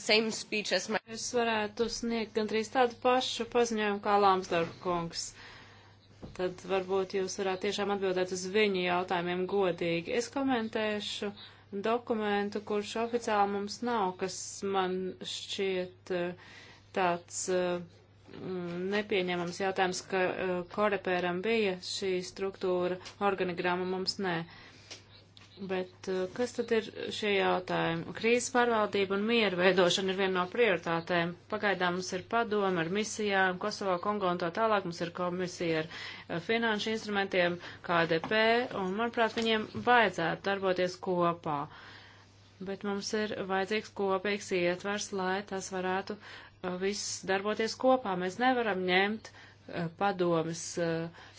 Es varētu sniegt gandrīz tādu pašu paziņojumu kā Lamstārfa kungs. Tad varbūt jūs varētu tiešām atbildēt uz viņu jautājumiem godīgi. Es komentēšu dokumentu, kurš oficiāli mums nav, kas man šķiet eh, tāds eh, mm, nepieņemams jautājums, ka eh, korepēram bija šī struktūra, organigrama mums nē. Ne. Bet eh, kas tad ir šie jautājumi? Krīzes pārvaldība un mieru veidošana ir viena no prioritātēm. Pagaidām mums ir padoma ar misijām, Kosovo, Kongo un tā tālāk. Mums ir komisija ar eh, finanšu instrumentiem, KDP, un, manuprāt, viņiem vajadzētu darboties kopā. Bet mums ir vajadzīgs kopīgs ietvers, lai tas varētu eh, viss darboties kopā. Mēs nevaram ņemt padomas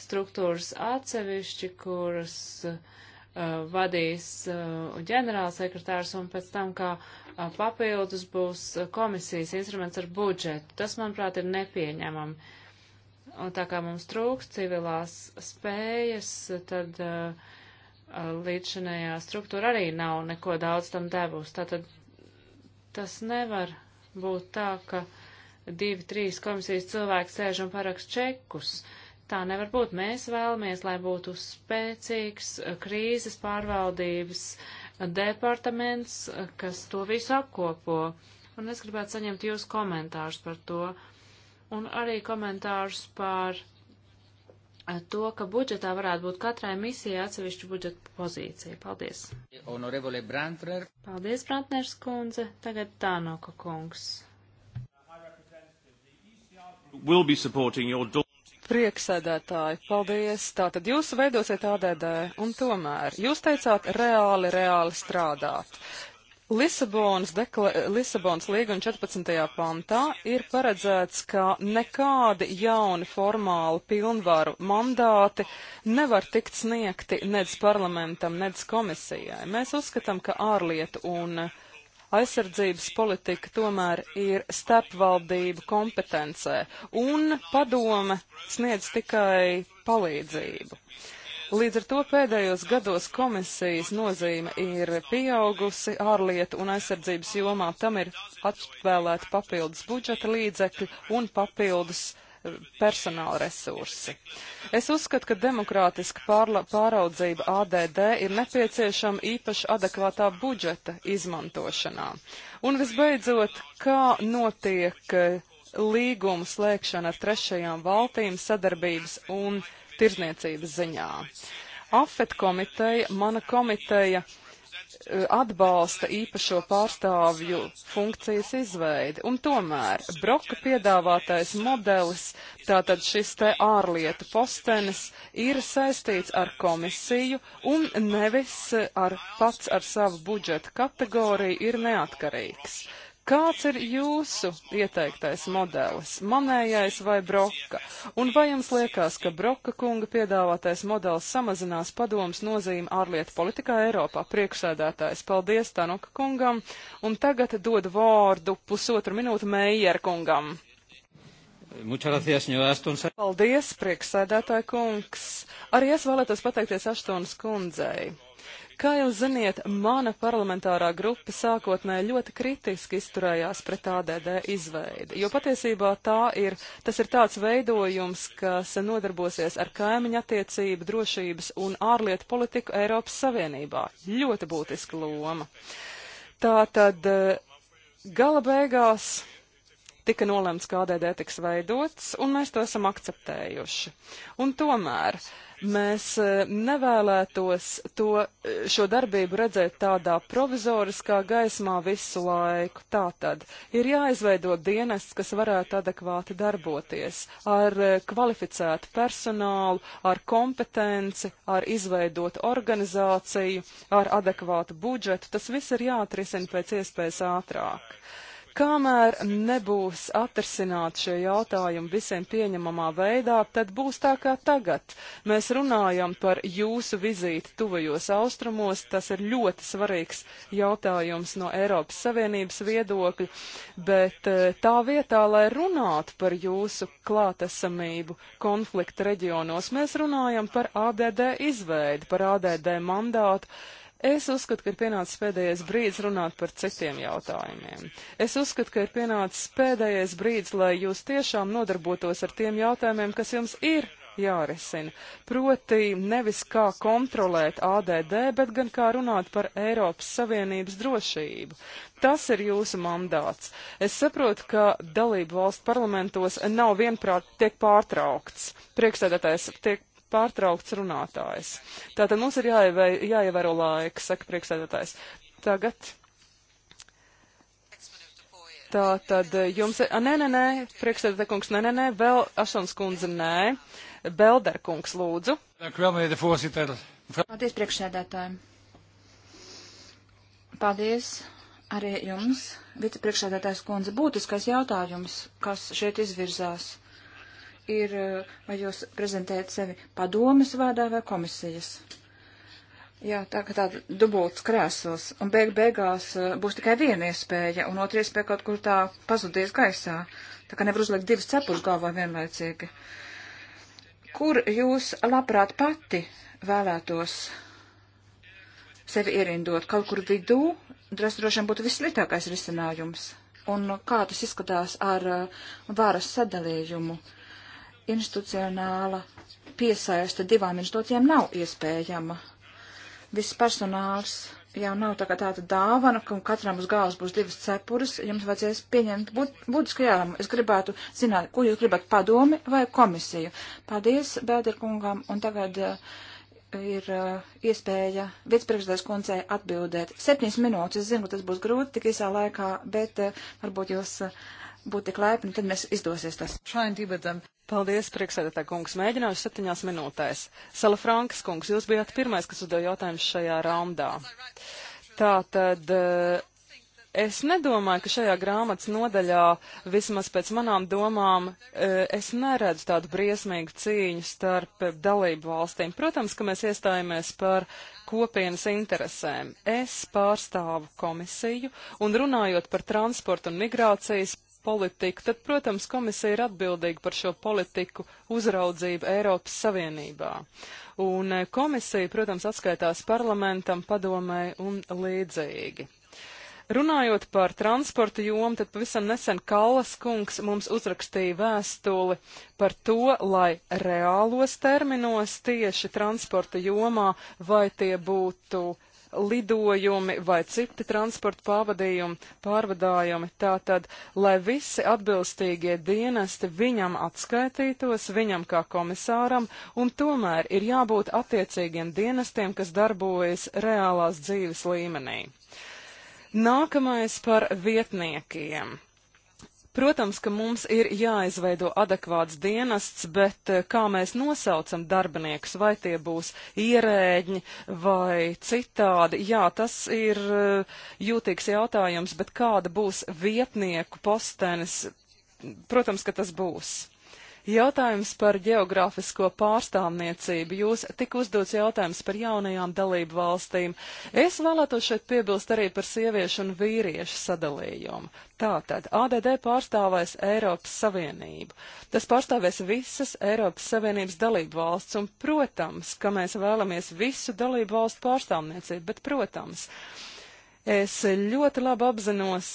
struktūras atsevišķi, kuras. Uh, Uh, vadīs uh, ģenerālsekretārs un pēc tam kā uh, papildus būs komisijas instruments ar budžetu. Tas, manuprāt, ir nepieņemami. Un tā kā mums trūks civilās spējas, tad līdzšanējā struktūra arī nav neko daudz tam devusi. Tātad tas nevar būt tā, ka divi, trīs komisijas cilvēki sēž un parakst čekus. Uh, tā nevar būt. Mēs vēlamies, lai būtu spēcīgs eh, krīzes pārvaldības eh, departaments, eh, kas to visu apkopo. Un es gribētu saņemt jūsu komentārus par to. Un arī komentārus par to, ka budžetā varētu būt katrai misijai atsevišķa budžeta pozīcija. Paldies. Honorevole Brantner. Paldies, Brantners kundze. Tagad Tānoka kungs. Will be supporting your door. Prieksēdētāji, paldies. Tātad jūs veidosiet ADD, un tomēr jūs teicāt reāli, reāli strādāt. Lisabonas, dekla, Lisabonas līguma 14. pantā ir paredzēts, ka nekādi jauni formāli pilnvaru mandāti nevar tikt sniegti nedz parlamentam, nedz komisijai. Mēs uzskatām, ka ārlietu un uh, aizsardzības politika tomēr ir starpvaldību kompetencē, un padome sniedz tikai palīdzību. Līdz ar to pēdējos gados komisijas nozīme ir pieaugusi ārlietu un aizsardzības jomā. Tam ir atvēlēti papildus budžeta līdzekļi un papildus personāla resursi. Es uzskatu, ka demokrātiska pārla, pāraudzība ADD ir nepieciešama īpaši adekvātā budžeta izmantošanā. Un visbeidzot, kā notiek e, līguma slēgšana ar trešajām valstīm sadarbības un tirzniecības ziņā. AFET komiteja, mana komiteja, uh, atbalsta īpašo pārstāvju funkcijas izveidi. Un tomēr Broka piedāvātais modelis, tātad šis te ārlietu postenis, ir saistīts ar komisiju un nevis ar pats ar savu budžeta kategoriju ir neatkarīgs. Kāds ir jūsu ieteiktais modelis, manējais vai broka? Un vai jums liekas, ka broka kunga piedāvātais modelis samazinās padomus nozīmi ārlietu politikā Eiropā? Priekšsēdētājs, paldies Tanuka kungam, un tagad dod vārdu pusotru minūtu Meijer kungam. Paldies, priekšsēdētāja kungs. Arī es vēlētos pateikties Aštonas kundzei. Kā jau ziniet, mana parlamentārā grupa sākotnēji ļoti kritiski izturējās pret ADD izveidi, jo patiesībā tā ir, tas ir tāds veidojums, kas nodarbosies ar kaimiņu attiecību, drošības un ārlietu politiku Eiropas Savienībā. Ļoti būtiska loma. Tā tad eh, gala beigās tika nolemts, ka ADD tiks veidots, un mēs to esam akceptējuši. Un tomēr mēs e, nevēlētos to, e, šo darbību redzēt tādā provizoriskā gaismā visu laiku. Tātad ir jāizveido dienests, kas varētu adekvāti darboties ar e, kvalificētu personālu, ar kompetenci, ar izveidotu organizāciju, ar adekvātu budžetu. Tas viss ir jāatrisina pēc iespējas ātrāk. Kamēr nebūs atrisināt šie jautājumi visiem pieņemamā veidā, tad būs tā kā tagad. Mēs runājam par jūsu vizīti tuvajos austrumos, tas ir ļoti svarīgs jautājums no Eiropas Savienības viedokļa, bet eh, tā vietā, lai runātu par jūsu klātesamību konflikta reģionos, mēs runājam par ADD izveidi, par ADD mandātu Es uzskatu, ka ir pienācis pēdējais brīdis runāt par citiem jautājumiem. Es uzskatu, ka ir pienācis pēdējais brīdis, lai jūs tiešām nodarbotos ar tiem jautājumiem, kas jums ir jārisina. Proti nevis kā kontrolēt ADD, bet gan kā runāt par Eiropas Savienības drošību. Tas ir jūsu mandāts. Es saprotu, ka dalību valstu parlamentos nav vienprāt tiek pārtraukts. Priekšstādātājs tiek pārtraukts runātājs. Tātad mums ir jāievē, jāievēro laika, saka priekšsēdētājs. Tagad. Tātad jums ir, nē, nē, nē, priekšsēdētāj kungs, nē, nē, nē, vēl Ašons kundze, nē. Belder kungs, lūdzu. Paldies priekšsēdētājiem. Paldies arī jums, vicepriekšsēdētājs kundze. Būtiskais jautājums, kas šeit izvirzās ir, eh, vai jūs prezentējat sevi padomas vārdā vai komisijas? Jā, tā kā tāda dubults krēsls, un beig beigās eh, būs tikai viena iespēja, un otra iespēja kaut kur tā pazudīs gaisā. Tā kā nevar uzlikt divas cepures galvā vienlaicīgi. Kur jūs labprāt pati vēlētos sevi ierindot? Kaut kur vidū, droši vien būtu vislitākais risinājums. Un kā tas izskatās ar eh, varas sadalījumu? Uh, institucionāla piesaista divām institūcijām nav iespējama. Viss personāls jau nav tā kā tāda dāvana, ka katram uz gāzes būs divas cepures, jums vajadzēs pieņemt būt, būtiski jārām. Es gribētu zināt, ko jūs gribat padomi vai komisiju. Paldies Bēderkungam, un tagad uh, ir uh, iespēja vicepriekšsēdētājas kundzei atbildēt. Septiņas minūtes, es zinu, ka tas būs grūti tik īsā laikā, bet uh, varbūt jūs uh, būtu tik laipni, tad mēs izdosies tas. Paldies, priekšsēdētā kungs. Mēģināšu septiņās minūtēs. Sala Frankas kungs, jūs bijāt pirmais, kas uzdeva jautājumu šajā raundā. Tātad. Eh, es nedomāju, ka šajā grāmatas nodaļā, vismaz pēc manām domām, eh, es neredzu tādu briesmīgu cīņu starp dalību valstīm. Protams, ka mēs iestājamies par kopienas interesēm. Es pārstāvu komisiju un runājot par transportu un migrācijas politiku, tad, protams, komisija ir atbildīga par šo politiku uzraudzību Eiropas Savienībā. Un eh, komisija, protams, atskaitās parlamentam, padomē un līdzīgi. Runājot par transporta jomu, tad pavisam nesen Kallas kungs mums uzrakstīja vēstuli par to, lai reālos terminos tieši transporta jomā vai tie būtu lidojumi vai citi transporta pavadījumi, pārvadājumi. Tātad, lai visi atbilstīgie dienesti viņam atskaitītos, viņam kā komisāram, un tomēr ir jābūt attiecīgiem dienestiem, kas darbojas reālās dzīves līmenī. Nākamais par vietniekiem. Protams, ka mums ir jāizveido adekvāts dienests, bet eh, kā mēs nosaucam darbiniekus, vai tie būs ierēģi vai citādi, jā, tas ir eh, jūtīgs jautājums, bet kāda būs vietnieku postenis, protams, ka tas būs. Jautājums par geogrāfisko pārstāvniecību. Jūs tik uzdots jautājums par jaunajām dalību valstīm. Es vēlētos šeit piebilst arī par sieviešu un vīriešu sadalījumu. Tātad ADD pārstāvēs Eiropas Savienību. Tas pārstāvēs visas Eiropas Savienības dalību valsts, un, protams, ka mēs vēlamies visu dalību valstu pārstāvniecību, bet, protams, es ļoti labi apzinos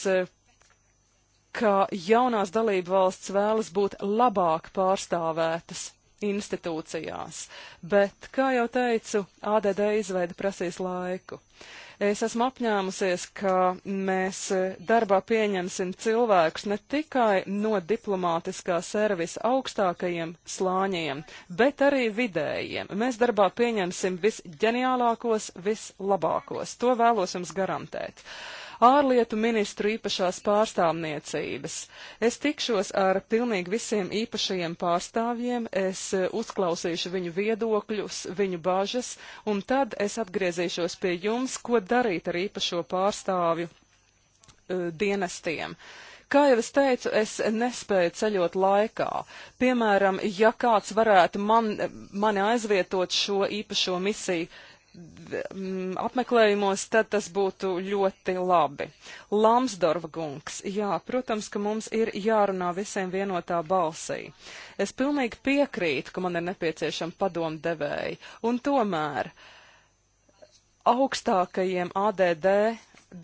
ka jaunās dalību valsts vēlas būt labāk pārstāvētas institūcijās, bet, kā jau teicu, ADD izveida prasīs laiku. Es esmu apņēmusies, ka mēs darbā pieņemsim cilvēkus ne tikai no diplomātiskā servisa augstākajiem slāņiem, bet arī vidējiem. Mēs darbā pieņemsim visģeniālākos, vislabākos. To vēlos jums garantēt. Uh, ārlietu ministru īpašās pārstāvniecības. Es tikšos ar pilnīgi visiem īpašajiem pārstāvjiem, es eh, uzklausīšu viņu viedokļus, viņu bažas, un tad es atgriezīšos pie jums, ko darīt ar īpašo pārstāvju uh, dienestiem. Kā jau es teicu, es nespēju ceļot laikā. Piemēram, ja kāds varētu man, mani aizvietot šo īpašo misiju apmeklējumos, tad tas būtu ļoti labi. Lamsdorva gungs. Jā, protams, ka mums ir jārunā visiem vienotā balsī. Es pilnīgi piekrītu, ka man ir nepieciešama padomdevēja. Un tomēr augstākajiem ADD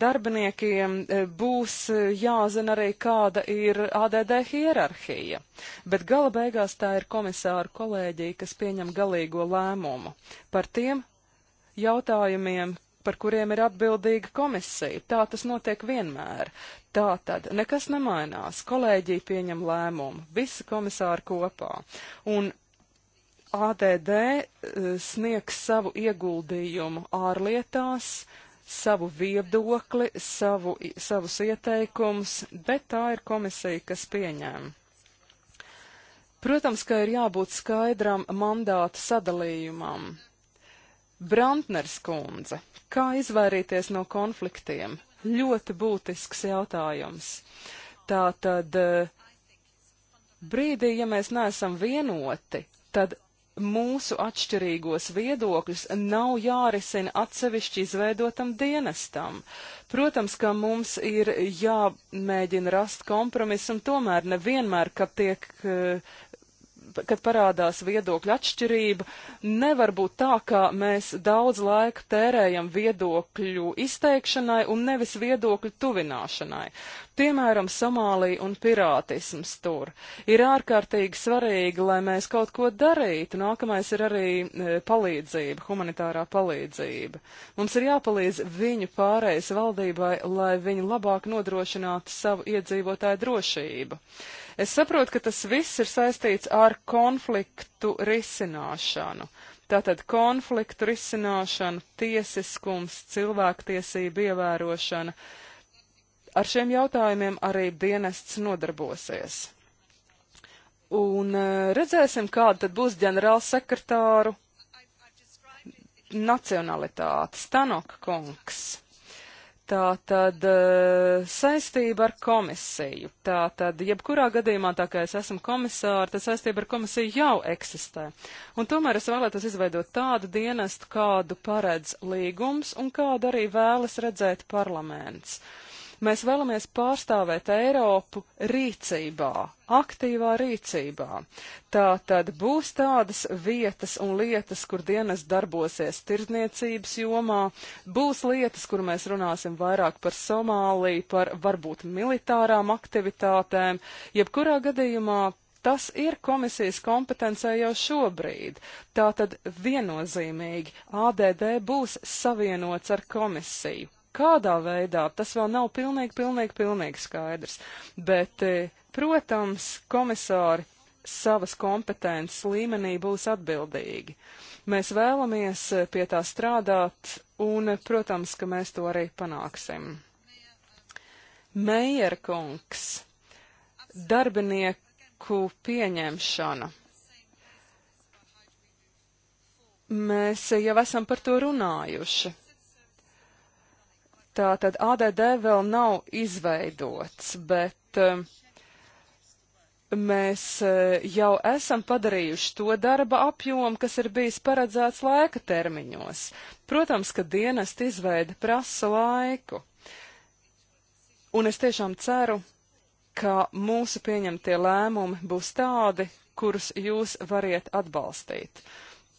darbiniekiem e, būs e, jāzina arī, kāda ir ADD hierarhija. Bet gala beigās tā ir komisāra kolēģija, kas pieņem galīgo lēmumu par tiem jautājumiem, par kuriem ir atbildīga komisija. Tā tas notiek vienmēr. Tā tad nekas nemainās. Kolēģija pieņem lēmumu, visi komisāri kopā. Un ADD eh, sniegs savu ieguldījumu ārlietās, savu viedokli, savu, savus ieteikumus, bet tā ir komisija, kas pieņēma. Protams, ka ir jābūt skaidram mandātu sadalījumam. Brantners kundze, kā izvairīties no konfliktiem? Ļoti būtisks jautājums. Tātad eh, brīdī, ja mēs neesam vienoti, tad mūsu atšķirīgos viedokļus nav jārisina atsevišķi izveidotam dienestam. Protams, ka mums ir jāmēģina rast kompromisu, un tomēr nevienmēr, kad tiek uh, kad parādās viedokļa atšķirība, nevar būt tā, ka mēs daudz laika tērējam viedokļu izteikšanai un nevis viedokļu tuvināšanai. Piemēram, Somālija un pirātisms tur. Ir ārkārtīgi svarīgi, lai mēs kaut ko darītu. Nākamais ir arī e, palīdzība, humanitārā palīdzība. Mums ir jāpalīdz viņu pārējais valdībai, lai viņi labāk nodrošinātu savu iedzīvotāju drošību. Es saprotu, ka tas viss ir saistīts ar konfliktu risināšanu. Tātad konfliktu risināšana, tiesiskums, cilvēktiesība ievērošana. Ar šiem jautājumiem arī dienests nodarbosies. Un e, redzēsim, kāda tad būs ģenerālsekretāru nacionalitāte. Stanok kungs. Tā tad eh, saistība ar komisiju. Tā tad, jebkurā gadījumā, tā kā es esmu komisāra, tad saistība ar komisiju jau eksistē. Un tomēr es vēlētos izveidot tādu dienestu, kādu paredz līgums un kādu arī vēlas redzēt parlaments. Uh, Mēs vēlamies pārstāvēt Eiropu rīcībā, aktīvā rīcībā. Tā tad būs tādas vietas un lietas, kur dienas darbosies tirdzniecības jomā, būs lietas, kur mēs runāsim vairāk par Somāliju, par varbūt militārām aktivitātēm, jebkurā gadījumā Tas ir komisijas kompetencē jau šobrīd. Tātad viennozīmīgi ADD būs savienots ar komisiju. Kādā veidā tas vēl nav pilnīgi, pilnīgi, pilnīgi skaidrs. Bet, e, protams, komisāri savas kompetences līmenī būs atbildīgi. Mēs vēlamies e, pie tā strādāt, un, e, protams, ka mēs to arī panāksim. Meierkungs, darbinieku pieņemšana. Mēs jau esam par to runājuši. Tātad ADD vēl nav izveidots, bet um, mēs uh, jau esam padarījuši to darba apjomu, kas ir bijis paredzēts laika termiņos. Protams, ka dienest izveida prasa laiku. Un es tiešām ceru, ka mūsu pieņemtie lēmumi būs tādi, kurus jūs variet atbalstīt.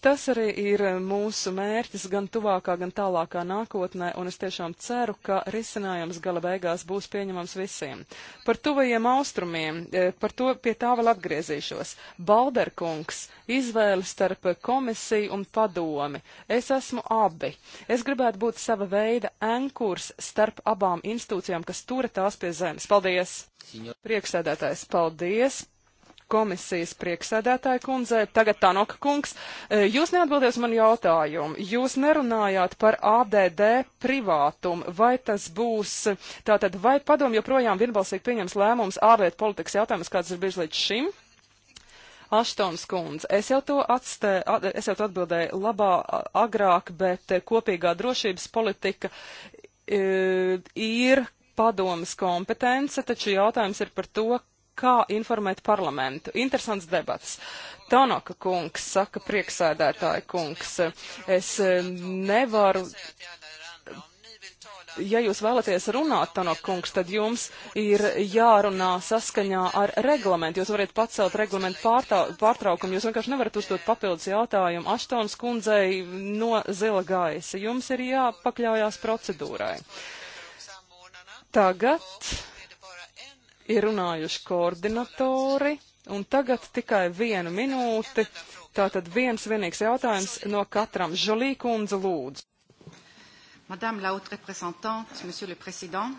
Tas arī ir mūsu mērķis gan tuvākā, gan tālākā nākotnē, un es tiešām ceru, ka risinājums gala beigās būs pieņemams visiem. Par tuvajiem austrumiem, e, par to pie tā vēl atgriezīšos. Balderkungs, izvēle starp komisiju un padomi. Es esmu abi. Es gribētu būt sava veida ankurs starp abām institūcijām, kas tura tās pie zemes. Paldies! Priekšsēdētājs, paldies! komisijas prieksēdētāja kundzei, tagad Tanoka kungs. E, jūs neatbildējat man jautājumu. Jūs nerunājāt par ADD privātumu. Vai tas būs, tātad, vai padomu joprojām vienbalsīgi pieņems lēmums ārlietu politikas jautājumus, kāds ir bijis līdz šim? Aštons kundze, es jau to, atstē, es jau to atbildēju labā agrāk, bet kopīgā drošības politika e, ir padomas kompetence, taču jautājums ir par to, kā informēt parlamentu. Interesants debats. Tanaka kungs, saka prieksēdētāja kungs, es eh, nevaru. Ja jūs vēlaties runāt, Tanok kungs, tad jums ir jārunā saskaņā ar reglamentu. Jūs varat pacelt reglamentu pārtā, pārtraukumu. Jūs vienkārši nevarat uzdot papildus jautājumu Aštons kundzei no zila gaisa. Jums ir jāpakļaujās procedūrai. Tagad ir runājuši koordinatori, un tagad tikai vienu minūti. Tātad viens vienīgs jautājums no katram. Žalī kundze lūdzu. Madame la haute représentante, monsieur le président.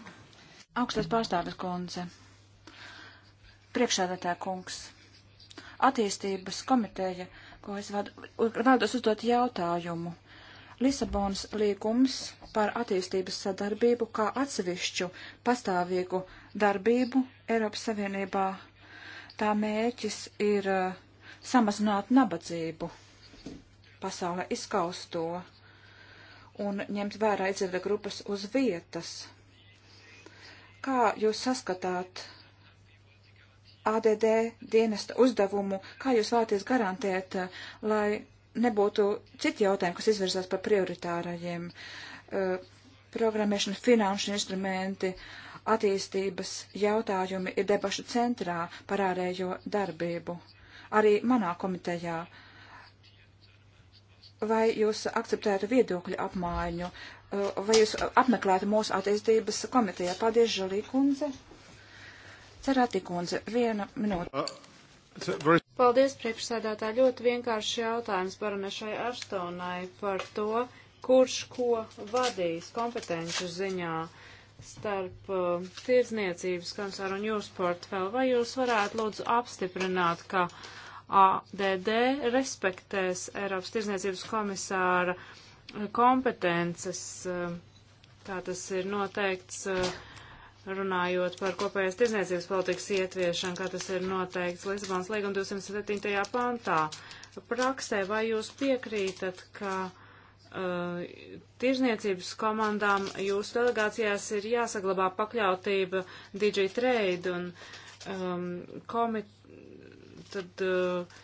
Augstais pārstāvis kundze. Priekšādātā kungs. Attīstības komiteja, ko es vadu, vēlos uzdot jautājumu Lisabonas līgums par attīstības sadarbību kā atsevišķu pastāvīgu darbību Eiropas Savienībā. Tā mērķis ir eh, samazināt nabadzību, pasaulē izskaust to un ņemt vērā iedzīvotāju grupas uz vietas. Kā jūs saskatāt ADD dienesta uzdevumu, kā jūs vēlaties garantēt, eh, lai nebūtu citi jautājumi, kas izvirzās par prioritārajiem. E, programmēšana, finanšu instrumenti, attīstības jautājumi ir debašu centrā par ārējo darbību. Arī manā komitejā. Vai jūs akceptētu viedokļu apmaiņu, e, vai jūs apmeklētu mūsu attīstības komitejā? Paldies, Žalī kundze. Cerāti kundze, viena minūte. Very... Paldies, priekšsēdētā. Ļoti vienkārši jautājums baronešai Arstonai par to, kurš ko vadīs kompetenci ziņā starp uh, tirzniecības komisāru un jūsu portfeli. Vai jūs varētu lūdzu apstiprināt, ka ADD respektēs Eiropas tirzniecības komisāra kompetences, uh, tā tas ir noteikts. Uh, runājot par kopējās tirzniecības politikas ietviešanu, kā tas ir noteikts Lisabonas līguma 207. pantā. Praksē vai jūs piekrītat, ka uh, tirzniecības komandām jūsu delegācijās ir jāsaglabā pakļautība DJ Trade un um, komit, tad uh,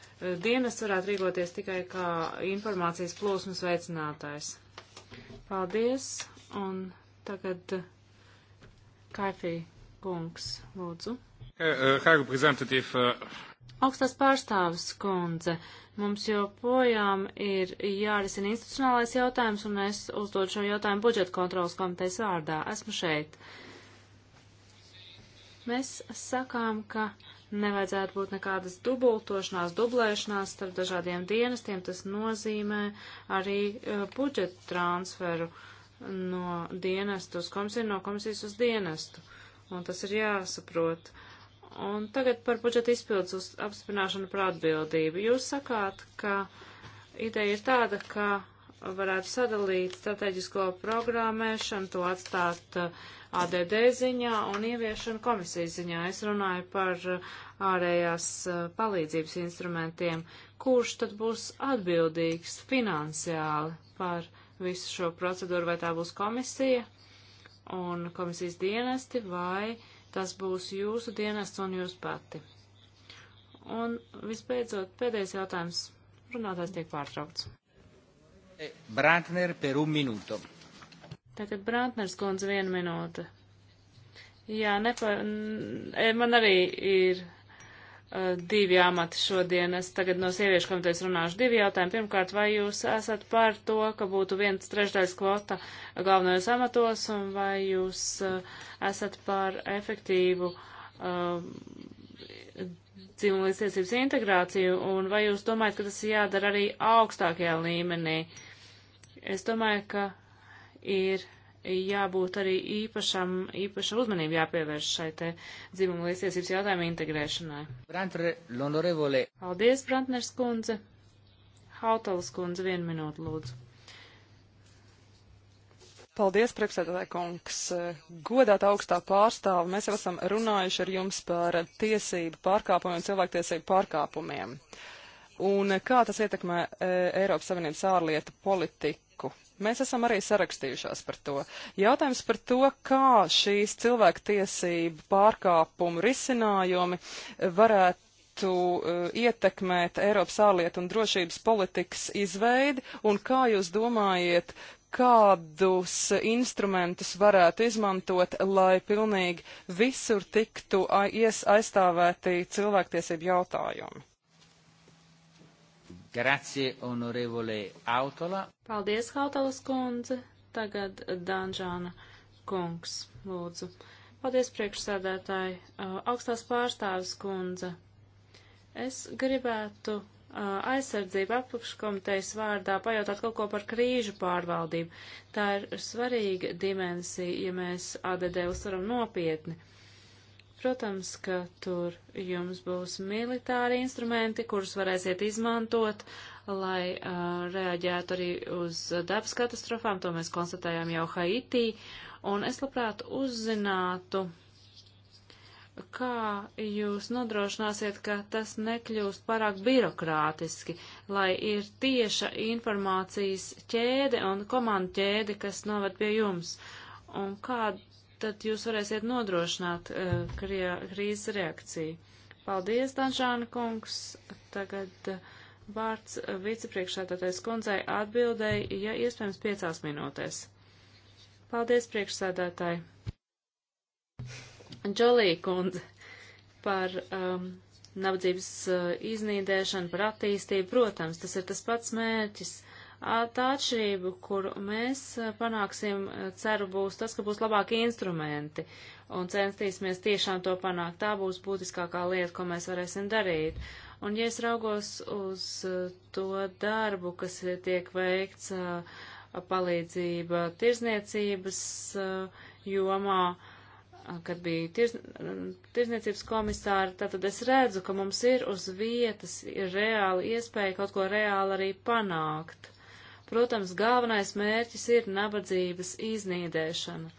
dienas varētu rīkoties tikai kā informācijas plūsmas veicinātājs? Paldies, un tagad. Uh, Kaifī kungs, lūdzu. Kāgu eh, eh, prezentatīvu. Eh. Augstās pārstāvis kundze, mums joprojām ir jārisina institucionālais jautājums, un es uzdodu šo jautājumu budžeta kontrolas komitejas vārdā. Esmu šeit. Mēs sakām, ka nevajadzētu būt nekādas dubultošanās, dublēšanās starp dažādiem dienestiem. Tas nozīmē arī budžeta transferu. Uh, no dienestu uz komisiju, no komisijas uz dienestu. Un tas ir jāsaprot. Un tagad par budžeta izpildus uz apstiprināšanu par atbildību. Jūs sakāt, ka ideja ir tāda, ka varētu sadalīt strateģisko programmēšanu, to atstāt uh, ADD ziņā un ieviešanu komisijas ziņā. Es runāju par uh, ārējās uh, palīdzības instrumentiem. Kurš tad būs atbildīgs finansiāli par? visu šo procedūru, vai tā būs komisija un komisijas dienesti, vai tas būs jūsu dienests un jūs pati. Un visbeidzot, pēdējais jautājums. Runātājs tiek pārtraukts. Eh, Brantner per un minūto. Tagad Brantners kundze viena minūte. Jā, nepa... Eh, man arī ir Eh, divi amati šodien. Es tagad no sieviešu komitejas runāšu divi jautājumi. Pirmkārt, vai jūs esat par to, ka būtu viens trešdaļs kvota galvenajos amatos, un vai jūs eh, esat par efektīvu um, eh, dzīvumlīdz tiesības integrāciju, un vai jūs domājat, ka tas jādara arī augstākajā līmenī? Es domāju, ka ir jābūt arī īpašam, īpaša uzmanība jāpievērš šai te dzimumu līdztiesības jautājumu integrēšanai. Brantre, Paldies, Brantners kundze. Hautalas kundze, vienu minūtu lūdzu. Paldies, priekšsēdētāji kungs. Godāta augstā pārstāva, mēs jau esam runājuši ar jums par tiesību pārkāpumiem, cilvēktiesību pārkāpumiem. Un kā tas ietekmē e, Eiropas Savienības ārlietu politiku? Mēs esam arī sarakstījušās par to. Jautājums par to, kā šīs cilvēktiesību pārkāpumu risinājumi varētu uh, ietekmēt Eiropas ārlietu un drošības politikas izveidi, un kā jūs domājat, kādus instrumentus varētu izmantot, lai pilnīgi visur tiktu aiz, aizstāvēti cilvēktiesību jautājumi? Grazie, onorevole Autola. Paldies, Hautalas kundze. Tagad Danžāna kungs, lūdzu. Paldies, priekšsēdētāji. Uh, augstās pārstāvis kundze. Es gribētu uh, aizsardzību apakškomitejas vārdā pajautāt kaut ko par krīžu pārvaldību. Tā ir svarīga dimensija, ja mēs ADD uztveram nopietni. Uh, Protams, ka tur jums būs militāri instrumenti, kurus varēsiet izmantot, lai uh, reaģētu arī uz dabas katastrofām. To mēs konstatējām jau Haitī. Un es labprāt uzzinātu, kā jūs nodrošināsiet, ka tas nekļūst pārāk birokrātiski, lai ir tieša informācijas ķēde un komandu ķēde, kas noved pie jums? Un kāda tad jūs varēsiet nodrošināt uh, krīzes reakciju. Paldies, Danžāna kungs. Tagad eh, vārds vicepriekšsēdētais kundzei atbildēja, ja iespējams, piecās minūtēs. Paldies, priekšsēdētāji. Džolī kundze par um, nabadzības uh, iznīdēšanu, par attīstību. Protams, tas ir tas pats mērķis. Uh, tā atšķirība, kur mēs eh, panāksim, eh, ceru, būs tas, ka būs labāki instrumenti un censtīsimies tiešām to panākt. Tā būs būtiskākā lieta, ko mēs varēsim darīt. Un, ja es raugos uz eh, to darbu, kas tiek veikts palīdzība tirzniecības jomā, kad bija tirz, tirzniecības komisāri, tātad es redzu, ka mums ir uz vietas ir reāli iespēja kaut ko reāli arī panākt Protams, galvenais mērķis ir nabadzības iznīdēšana.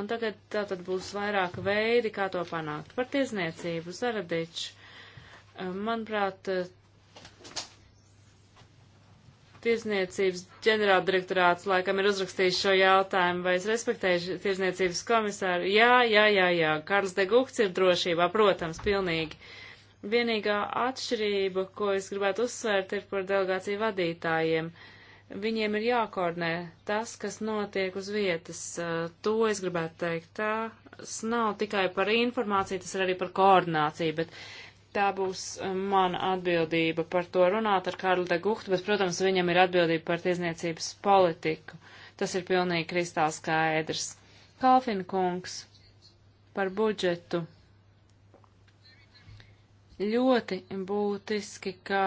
Un tagad tātad būs vairāk veidi, kā to panākt. Par tiesniecību, Zaradiču. Eh, manuprāt, eh, Tirzniecības ģenerāldirektorāts laikam ir uzrakstījis šo jautājumu, vai es respektēju tirzniecības komisāru. Jā, jā, jā, jā, Karls de Gukts ir drošībā, protams, pilnīgi. Vienīgā atšķirība, ko es gribētu uzsvērt, ir par delegāciju vadītājiem. Uh, Viņiem ir jākoordinē tas, kas notiek uz vietas. To es gribētu teikt. Tas nav tikai par informāciju, tas ir arī par koordināciju, bet tā būs mana atbildība par to runāt ar Karlu de Guhtu, bet, protams, viņam ir atbildība par tiesniecības politiku. Tas ir pilnīgi kristāls skaidrs. Kalfina kungs par budžetu. Ļoti būtiski, ka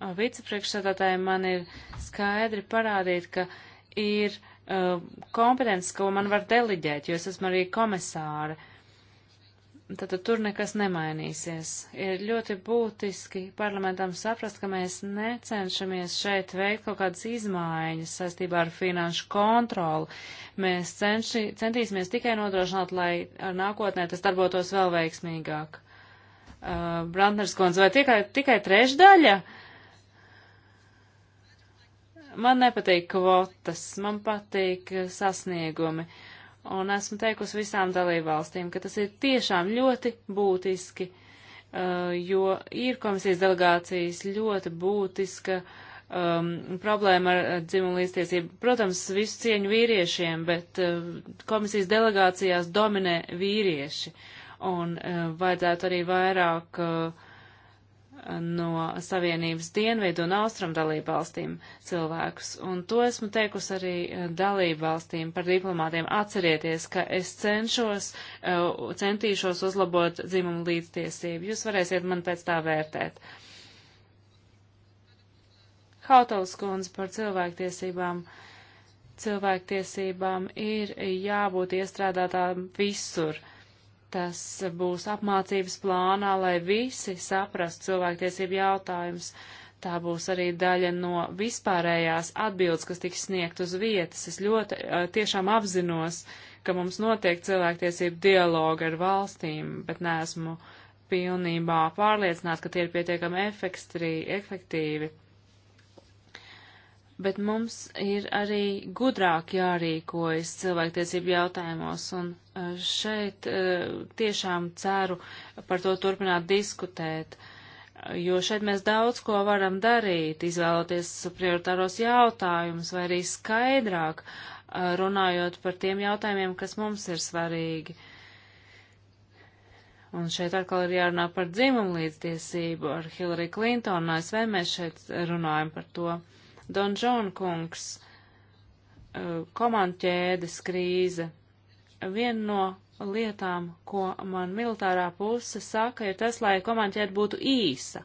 vicepriekšsēdētājiem man ir skaidri parādīt, ka ir uh, kompetence, ko man var deliģēt, jo es esmu arī komisāre. Tātad tur nekas nemainīsies. Ir ļoti būtiski parlamentam saprast, ka mēs necenšamies šeit veikt kaut kādas izmaiņas saistībā ar finanšu kontroli. Mēs cenši, centīsimies tikai nodrošināt, lai ar nākotnē tas darbotos vēl veiksmīgāk. Uh, Brantners kundze, vai tikai, tikai trešdaļa? Uh, Man nepatīk kvotas, man patīk eh, sasniegumi. Un esmu teikusi visām dalībvalstīm, ka tas ir tiešām ļoti būtiski, eh, jo ir komisijas delegācijas ļoti būtiska um, problēma ar eh, dzimumu līdztiesību. Protams, visu cieņu vīriešiem, bet uh, komisijas delegācijās dominē vīrieši. Un uh, vajadzētu arī vairāk uh, no Savienības dienvidu un austrumu dalību valstīm cilvēkus. Un to esmu teikusi arī eh, dalību valstīm par diplomātiem. Atcerieties, ka es cenšos, eh, centīšos uzlabot dzimumu līdztiesību. Jūs varēsiet man pēc tā vērtēt. Hautals kundze par cilvēktiesībām. Cilvēktiesībām ir jābūt iestrādātām visur. Uh, Tas būs apmācības plānā, lai visi saprastu cilvēktiesību jautājumus. Tā būs arī daļa no vispārējās atbildes, kas tiks sniegt uz vietas. Es ļoti eh, tiešām apzinos, ka mums notiek cilvēktiesību dialoga ar valstīm, bet neesmu pilnībā pārliecināts, ka tie ir pietiekami efektīvi bet mums ir arī gudrāk jārīkojas cilvēktiesību jautājumos, un eh, šeit eh, tiešām ceru par to turpināt diskutēt, jo šeit mēs daudz ko varam darīt, izvēloties prioritāros jautājumus vai arī skaidrāk eh, runājot par tiem jautājumiem, kas mums ir svarīgi. Un šeit atkal ir jārunā par dzimumu līdztiesību. Ar Hillary Clinton ASV mēs šeit runājam par to. Uh, Donžon kungs, eh, komandķēdes krīze. Viena no lietām, ko man militārā puse saka, ir tas, lai komandķēde būtu īsa.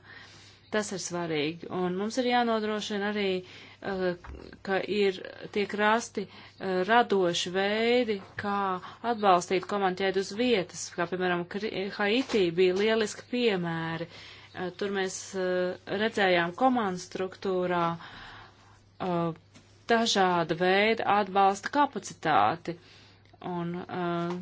Tas ir svarīgi. Un mums ir jānodrošina arī, eh, ka ir tiek rasti eh, radoši veidi, kā atbalstīt komandķēdi uz vietas, kā piemēram Haitī bija lieliski piemēri. Tur mēs redzējām komandu struktūrā uh, uh, dažāda veida atbalsta kapacitāti. Un uh,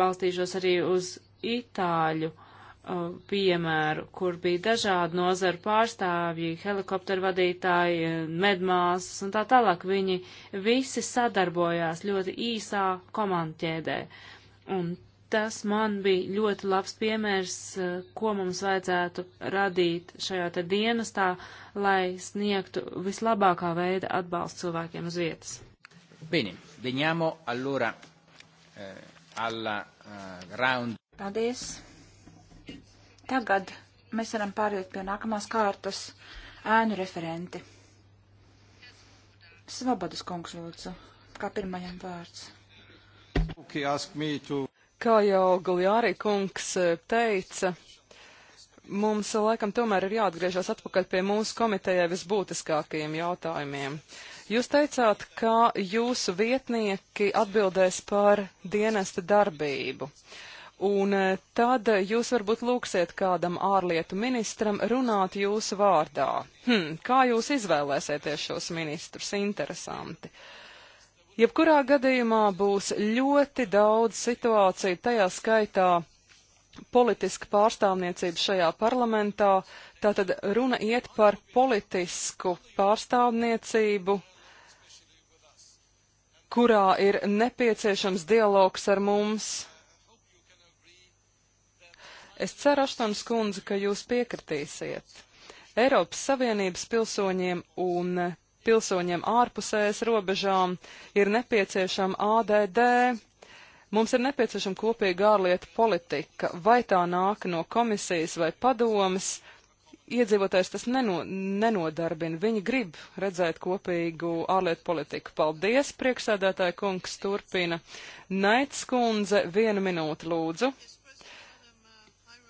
balstīšos arī uz Itāļu uh, piemēru, kur bija dažādi nozaru pārstāvji, helikopteru vadītāji, medmāsas un tā tālāk. Viņi visi sadarbojās ļoti īsā komandķēdē. Un tas man bija ļoti labs piemērs, eh, ko mums vajadzētu radīt šajā te dienestā, lai sniegtu vislabākā veida atbalstu cilvēkiem uz vietas. Bene, veniamo allora eh, alla eh, round. Paldies. Tagad mēs varam pāriet pie nākamās kārtas ēnu referenti. Svabadas kungs lūdzu, kā pirmajam vārds. Okay, ask me to Kā jau Guljārī kungs e, teica, mums laikam tomēr ir jāatgriežas atpakaļ pie mūsu komitejai visbūtiskākajiem jautājumiem. Jūs teicāt, ka jūsu vietnieki atbildēs par dienesta darbību. Un e, tad jūs varbūt lūksiet kādam ārlietu ministram runāt jūsu vārdā. Hm, kā jūs izvēlēsieties šos ministrus? Interesanti. Uh, Jebkurā gadījumā būs ļoti daudz situāciju, tajā skaitā politiska pārstāvniecība šajā parlamentā. Tātad runa iet par politisku pārstāvniecību, kurā ir nepieciešams dialogs ar mums. Es ceru, Aštons kundze, ka jūs piekritīsiet. Eiropas Savienības pilsoņiem un pilsoņiem ārpusējas robežām ir nepieciešama ADD. Mums ir nepieciešama kopīga ārlietu politika, vai tā nāk no komisijas vai padomas. Iedzīvotājs tas neno, nenodarbina. Viņi grib redzēt kopīgu ārlietu politiku. Paldies, priekšsēdētāja kungs turpina. Naits kundze, vienu minūti lūdzu.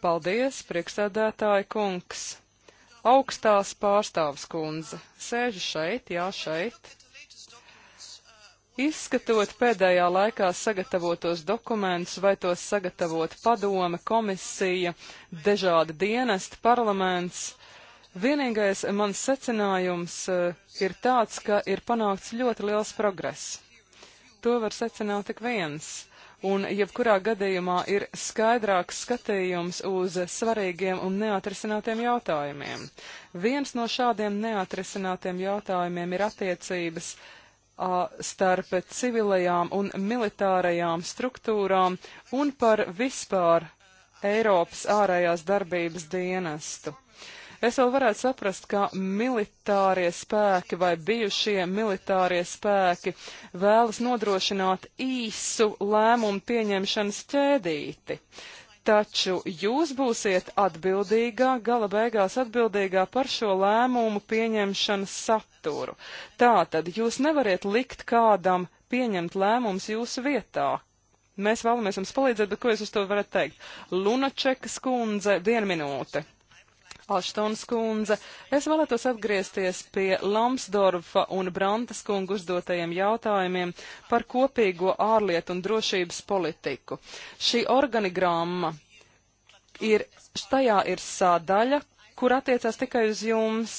Paldies, priekšsēdētāja kungs. Augstās pārstāvs kundze sēž šeit, jā, šeit. Izskatot pēdējā laikā sagatavotos dokumentus, vai tos sagatavot padome, komisija, dažādi dienesti, parlaments, vienīgais mans secinājums eh, ir tāds, ka ir panākts ļoti liels progress. To var secināt tik viens un jebkurā gadījumā ir skaidrāks skatījums uz svarīgiem un neatrisinātiem jautājumiem. Viens no šādiem neatrisinātiem jautājumiem ir attiecības starp civilajām un militārajām struktūrām un par vispār Eiropas ārējās darbības dienestu. Es vēl varētu saprast, ka militārie spēki vai bijušie militārie spēki vēlas nodrošināt īsu lēmumu pieņemšanas ķēdīti. Taču jūs būsiet atbildīgā, gala beigās atbildīgā par šo lēmumu pieņemšanas saturu. Tātad jūs nevariet likt kādam pieņemt lēmums jūsu vietā. Mēs vēlamies jums palīdzēt, bet ko jūs uz to varat teikt? Lunačekas kundze, viena minūte. Aštons kundze, es vēlētos atgriezties pie Lamsdorfa un Brantas kungu uzdotajiem jautājumiem par kopīgo ārlietu un drošības politiku. Šī organigramma ir, tajā ir sādaļa, kur attiecās tikai uz jums.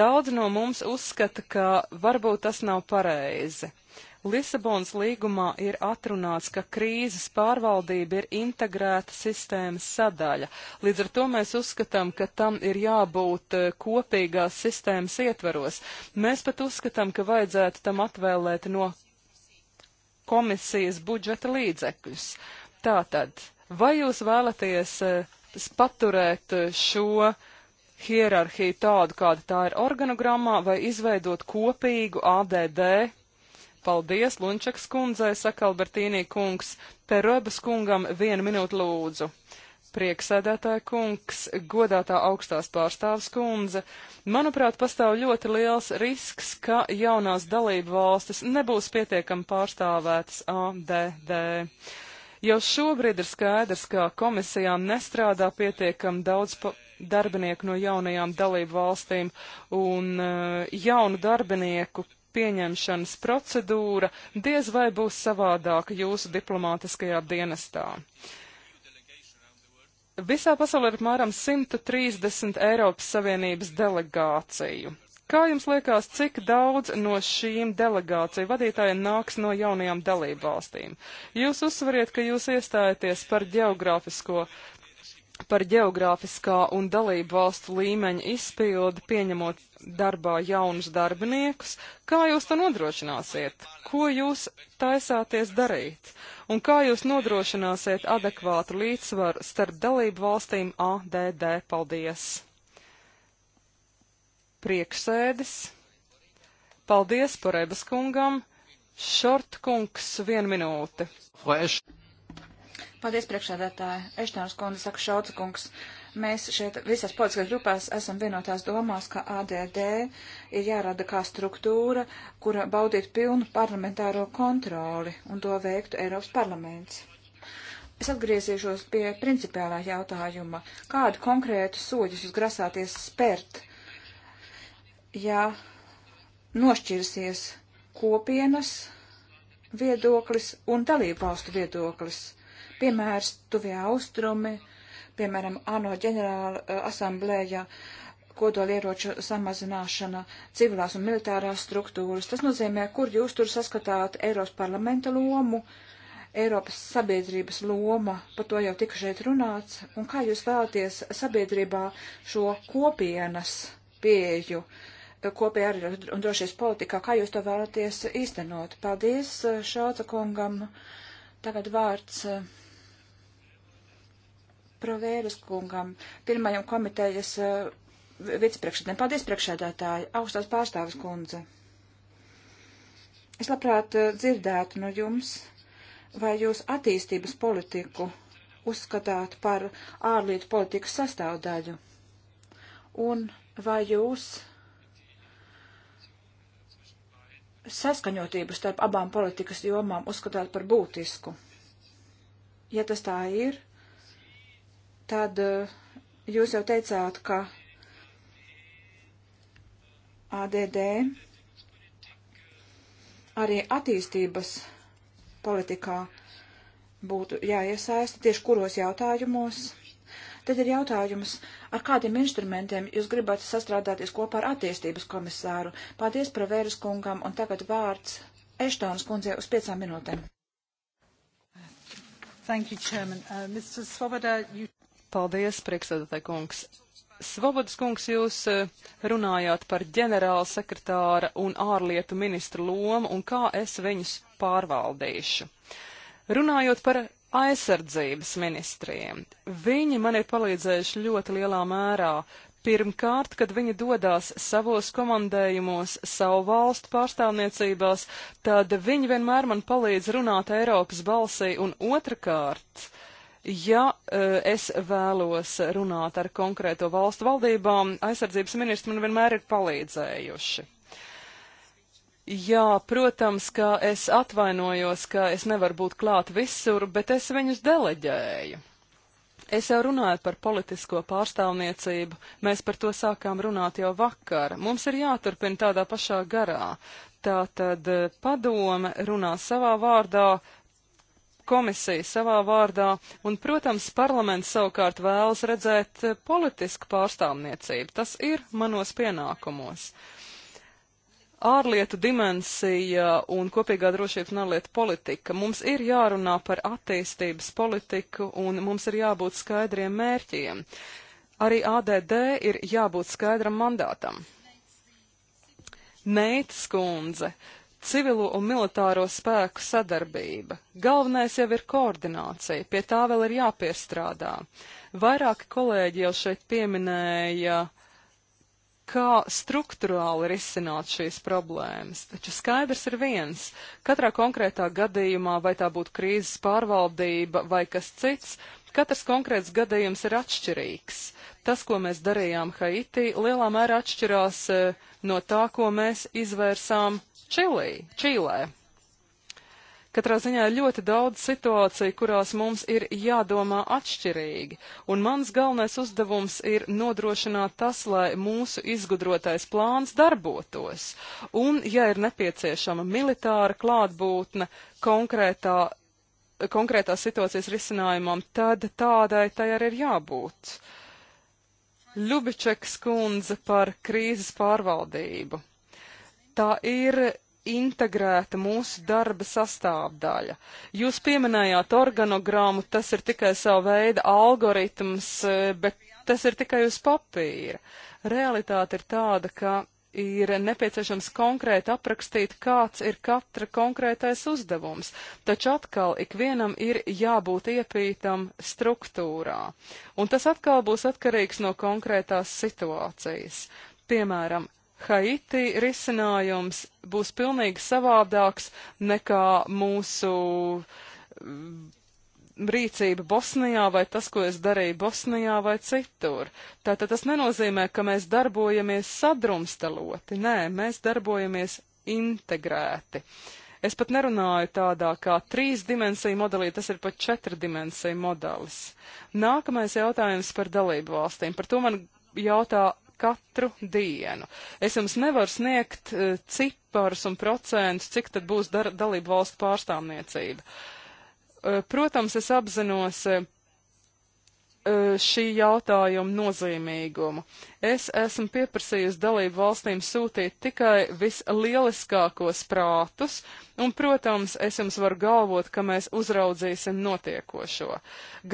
Daudz no mums uzskata, ka varbūt tas nav pareizi. Lisabonas līgumā ir atrunāts, ka krīzes pārvaldība ir integrēta sistēmas sadaļa. Līdz ar to mēs uzskatām, ka tam ir jābūt eh, kopīgās sistēmas ietvaros. Mēs pat uzskatām, ka vajadzētu tam atvēlēt no komisijas budžeta līdzekļus. Tātad, vai jūs vēlaties eh, paturēt eh, šo hierarhiju tādu, kāda tā ir organogrammā, vai izveidot kopīgu ADD Paldies, Lunčakas kundzei, saka Albertīnī kungs. Perobas kungam vienu minūtu lūdzu. Prieksēdētāja kungs, godātā augstās pārstāvs kundze, manuprāt, pastāv ļoti liels risks, ka jaunās dalību valstis nebūs pietiekami pārstāvētas ADD. Jau šobrīd ir skaidrs, ka komisijām nestrādā pietiekami daudz darbinieku no jaunajām dalību valstīm, un uh, jaunu darbinieku pieņemšanas procedūra diez vai būs savādāka jūsu diplomātiskajā dienestā. Visā pasaulē ir apmēram 130 Eiropas Savienības delegāciju. Kā jums liekas, cik daudz no šīm delegāciju vadītājiem nāks no jaunajām dalībvalstīm? Jūs uzsvariet, ka jūs iestājaties par geogrāfisko par geogrāfiskā un dalību valstu līmeņa izpildi, pieņemot darbā jaunus darbiniekus, kā jūs to nodrošināsiet? Ko jūs taisāties darīt? Un kā jūs nodrošināsiet adekvātu līdzsvaru starp dalību valstīm ADD? Paldies! Priekšsēdis. Paldies Porebas kungam. Šortkungs, viena minūte. Fresh. Paldies, priekšsēdētāji. Eštāns kundze saka Šauca kungs. Mēs šeit visās politiskās grupās esam vienotās domās, ka ADD ir jārada kā struktūra, kura baudītu pilnu parlamentāro kontroli un to veiktu Eiropas parlaments. Es atgriezīšos pie principiālā jautājuma. Kādu konkrētu soļus jūs grasāties spērt, ja nošķirsies kopienas viedoklis un dalību valstu viedoklis? piemērs tuvie austrumi, piemēram, ANO ģenerāla eh, asamblējā kodolieroču samazināšana, civilās un militārās struktūras. Tas nozīmē, kur jūs tur saskatāt Eiropas parlamenta lomu, Eiropas sabiedrības loma, par to jau tika šeit runāts, un kā jūs vēlaties sabiedrībā šo kopienas pieju eh, kopējā arī un drošības politikā, kā jūs to vēlaties īstenot. Paldies eh, Šauca kungam. Tagad vārds. Uh, Provēras kungam, pirmajam komitejas uh, eh, vicepriekšēdētājiem. Paldies, priekšēdētāji, augstās pārstāvis kundze. Es labprāt uh, dzirdētu no jums, vai jūs attīstības politiku uzskatāt par ārlietu politikas sastāvdaļu. Un vai jūs saskaņotību starp abām politikas jomām uzskatāt par būtisku. Ja tas tā ir, tad eh, jūs jau teicāt, ka ADD arī attīstības politikā būtu jāiesaista tieši kuros jautājumos. Tad ir jautājums, ar kādiem instrumentiem jūs gribat sastrādāties kopā ar attīstības komisāru. Paldies par vēras kungam un tagad vārds Eštānas kundzei uz piecām minūtēm. Thank you, Chairman. Uh, Mr. Svoboda, you... Paldies, priekšsēdētāji kungs. Svobodas kungs, jūs eh, runājāt par ģenerāla sekretāra un ārlietu ministra lomu un kā es viņus pārvaldīšu. Runājot par aizsardzības ministriem, viņi man ir palīdzējuši ļoti lielā mērā. Pirmkārt, kad viņi dodās savos komandējumos, savu valstu pārstāvniecībās, tad viņi vienmēr man palīdz runāt Eiropas balsī, un otrkārt, Ja e, es vēlos runāt ar konkrēto valstu valdībām, aizsardzības ministri man vienmēr ir palīdzējuši. Jā, protams, ka es atvainojos, ka es nevaru būt klāt visur, bet es viņus deleģēju. Es jau runāju par politisko pārstāvniecību, mēs par to sākām runāt jau vakar. Mums ir jāturpina tādā pašā garā. Tātad e, padome runā savā vārdā, komisija savā vārdā, un, protams, parlaments savukārt vēlas redzēt eh, politisku pārstāvniecību. Tas ir manos pienākumos. Ārlietu dimensija un kopīgā drošības un ārlietu politika. Mums ir jārunā par attīstības politiku un mums ir jābūt skaidriem mērķiem. Arī ADD ir jābūt skaidram mandātam. Neits kundze, uh, civilo un militāro spēku sadarbība. Galvenais jau ir koordinācija, pie tā vēl ir jāpiestrādā. Vairāki kolēģi jau šeit pieminēja, kā struktūrāli risināt šīs problēmas, taču skaidrs ir viens. Katrā konkrētā gadījumā, vai tā būtu krīzes pārvaldība vai kas cits, katrs konkrēts gadījums ir atšķirīgs. Tas, ko mēs darījām Haiti, lielā mērā atšķirās eh, no tā, ko mēs izvērsām Čilī, Čīlē. Katrā ziņā ir ļoti daudz situāciju, kurās mums ir jādomā atšķirīgi, un mans galvenais uzdevums ir nodrošināt tas, lai mūsu izgudrotais plāns darbotos, un, ja ir nepieciešama militāra klātbūtne konkrētā konkrētās situācijas risinājumam, tad tādai tai arī ir jābūt. Ļubičeks kundze par krīzes pārvaldību tā ir integrēta mūsu darba sastāvdaļa. Jūs pieminējāt organogrammu, tas ir tikai savu veidu algoritms, e, bet tas ir tikai uz papīra. Realitāte ir tāda, ka ir nepieciešams konkrēti aprakstīt, kāds ir katra konkrētais uzdevums, taču atkal ikvienam ir jābūt iepītam struktūrā, un tas atkal būs atkarīgs no konkrētās situācijas. Piemēram, Haiti risinājums būs pilnīgi savādāks nekā mūsu mm, rīcība Bosnijā vai tas, ko es darīju Bosnijā vai citur. Tātad tas nenozīmē, ka mēs darbojamies sadrumstaloti, nē, mēs darbojamies integrēti. Es pat nerunāju tādā kā trīs dimensiju modelī, tas ir pat četri dimensiju modelis. Nākamais jautājums par dalību valstīm. Par to man jautā katru dienu. Es jums nevaru sniegt uh, ciparus un procentus, cik tad būs dalību valstu pārstāvniecība. Uh, protams, es apzinos eh, E, šī jautājuma nozīmīgumu. Es esmu pieprasījusi dalību valstīm sūtīt tikai vislieliskākos prātus, un, protams, es jums varu galvot, ka mēs uzraudzīsim notiekošo.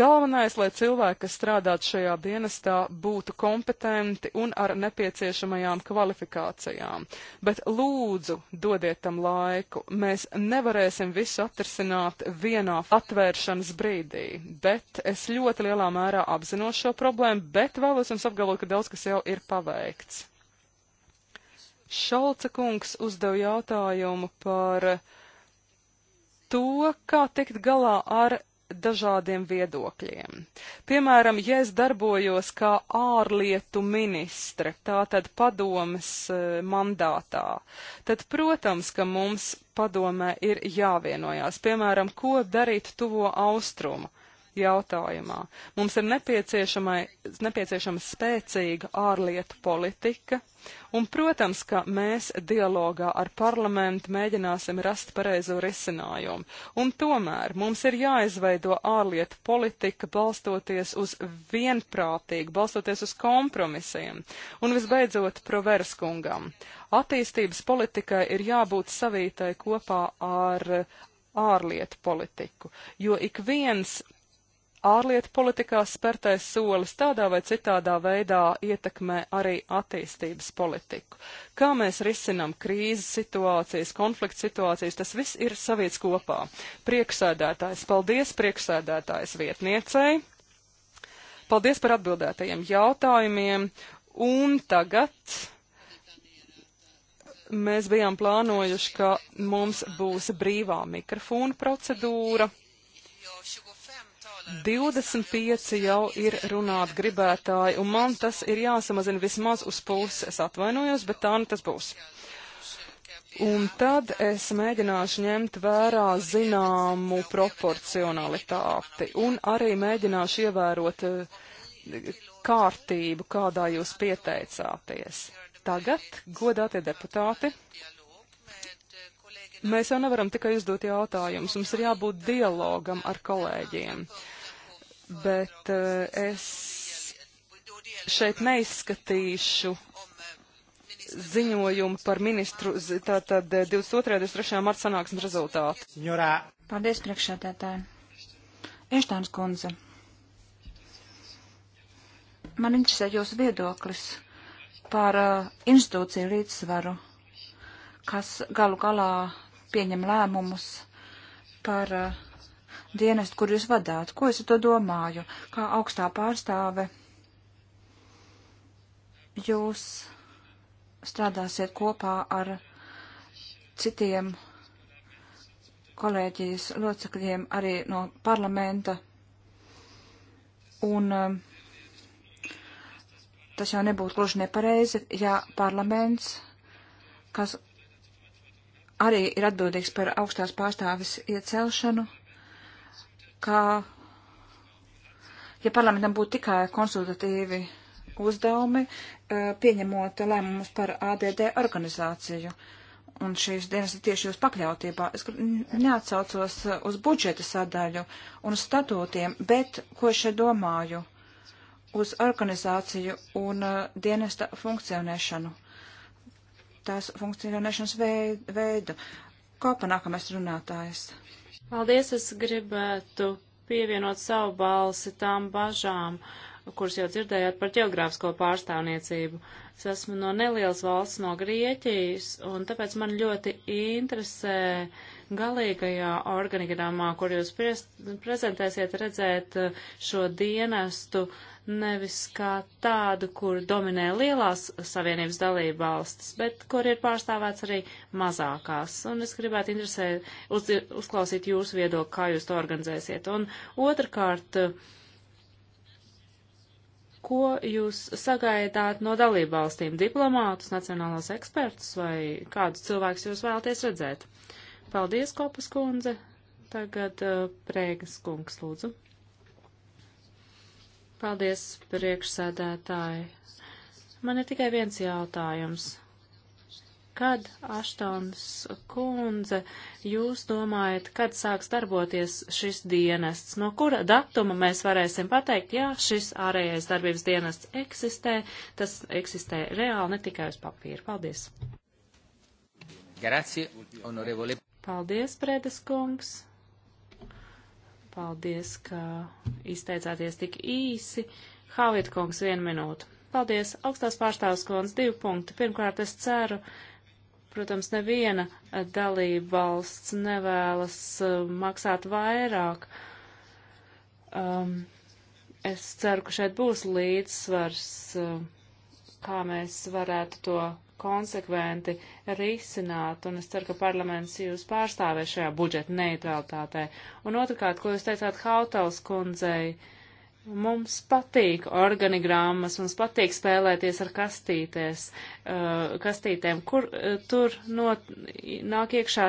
Galvenais, lai cilvēki, kas strādātu šajā dienestā, būtu kompetenti un ar nepieciešamajām kvalifikācijām. Bet lūdzu, dodiet tam laiku. Mēs nevarēsim visu atrisināt vienā atvēršanas brīdī, bet es ļoti lielā mērā mērā apzinos šo problēmu, bet vēlos jums apgalvot, ka daudz kas jau ir paveikts. Šalca kungs uzdeva jautājumu par to, kā tikt galā ar dažādiem viedokļiem. Piemēram, ja es darbojos kā ārlietu ministre, tātad padomas e, mandātā, tad, protams, ka mums padomē ir jāvienojās, piemēram, ko darīt tuvo austrumu jautājumā. Mums ir nepieciešama spēcīga ārlietu politika, un, protams, ka mēs dialogā ar parlamentu mēģināsim rast pareizo risinājumu. Un tomēr mums ir jāizveido ārlietu politika balstoties uz vienprātīgu, balstoties uz kompromisiem. Un visbeidzot, proveras kungam. Attīstības politikai ir jābūt savītai kopā ar ārlietu politiku, jo ik viens ārlietu politikā spērtais solis tādā vai citādā veidā ietekmē arī attīstības politiku. Kā mēs risinam krīzes situācijas, konflikts situācijas, tas viss ir savietas kopā. Prieksēdētājs, paldies prieksēdētājs vietniecei. Paldies par atbildētajiem jautājumiem. Un tagad mēs bijām plānojuši, ka mums būs brīvā mikrofona procedūra. 25 jau ir runāt gribētāji, un man tas ir jāsamazina vismaz uz pusi. Es atvainojos, bet tā nu tas būs. Un tad es mēģināšu ņemt vērā zināmu proporcionalitāti un arī mēģināšu ievērot eh, kārtību, kādā jūs pieteicāties. Tagad, godātie deputāti, Mēs jau nevaram tikai uzdot jautājumus, mums ir jābūt dialogam ar kolēģiem. Bet eh, es šeit neizskatīšu ziņojumu par ministru, tātad 22. un 23. marta sanāksmes rezultātu. Jurā. Paldies, priekšsēdētāji. Eštāns kundze. Man interesē jūsu viedoklis par uh, institūciju līdzsvaru, kas galu galā pieņem lēmumus par uh, dienestu, kur jūs vadāt. Ko es to domāju? Kā augstā pārstāve jūs strādāsiet kopā ar citiem kolēģijas locekļiem arī no parlamenta. Un um, tas jau nebūtu gluži nepareizi, ja parlaments, kas arī ir atbildīgs par augstās pārstāvis iecelšanu, kā, ja parlamentam būtu tikai konsultatīvi uzdevumi, eh, pieņemot lēmumus par ADD organizāciju. Un šīs dienas ir tieši jūs pakļautībā. Es neatsaucos eh, uz budžeta sadaļu un uz statūtiem, bet ko es šeit domāju? Uz organizāciju un eh, dienesta funkcionēšanu tās funkcionēšanas veidu. Kopa nākamais runātājs. Paldies, es gribētu pievienot savu balsi tām bažām, kuras jau dzirdējāt par ģeogrāfisko pārstāvniecību. Es esmu no nelielas valsts, no Grieķijas, un tāpēc man ļoti interesē galīgajā organigramā, kur jūs prezentēsiet redzēt šo dienestu uh, nevis kā tādu, kur dominē lielās savienības dalība valstis, bet kur ir pārstāvēts arī mazākās. Un es gribētu interesē uz, uzklausīt jūsu viedokli, kā jūs to organizēsiet. Un otrkārt, ko jūs sagaidāt no dalību valstīm? Diplomātus, nacionālos ekspertus vai kādus cilvēkus jūs vēlaties redzēt? Paldies, Kopas kundze. Tagad uh, Prēgas kungs, lūdzu. Paldies, priekšsēdētāji. Man ir tikai viens jautājums. Kad, Aštons kundze, jūs domājat, kad sāks darboties šis dienests? No kura datuma mēs varēsim pateikt, jā, šis ārējais darbības dienests eksistē, tas eksistē reāli, ne tikai uz papīra. Paldies! Grazie, honorevole. Paldies, Prēdes kungs! Paldies, ka izteicāties tik īsi. Hāviet kungs, vienu minūtu. Paldies, augstās pārstāvs kundz, divi punkti. Pirmkārt, es ceru, protams, neviena dalība valsts nevēlas uh, maksāt vairāk. Um, es ceru, ka šeit būs līdzsvars, uh, kā mēs varētu to konsekventi risināt, un es ceru, ka parlaments jūs pārstāvēs šajā budžeta neutralitātē. Un otrkārt, ko jūs teicāt Hautals kundzei, mums patīk organigrammas, mums patīk spēlēties ar kastītēs, uh, kastītēm, kur uh, tur not, nāk iekšā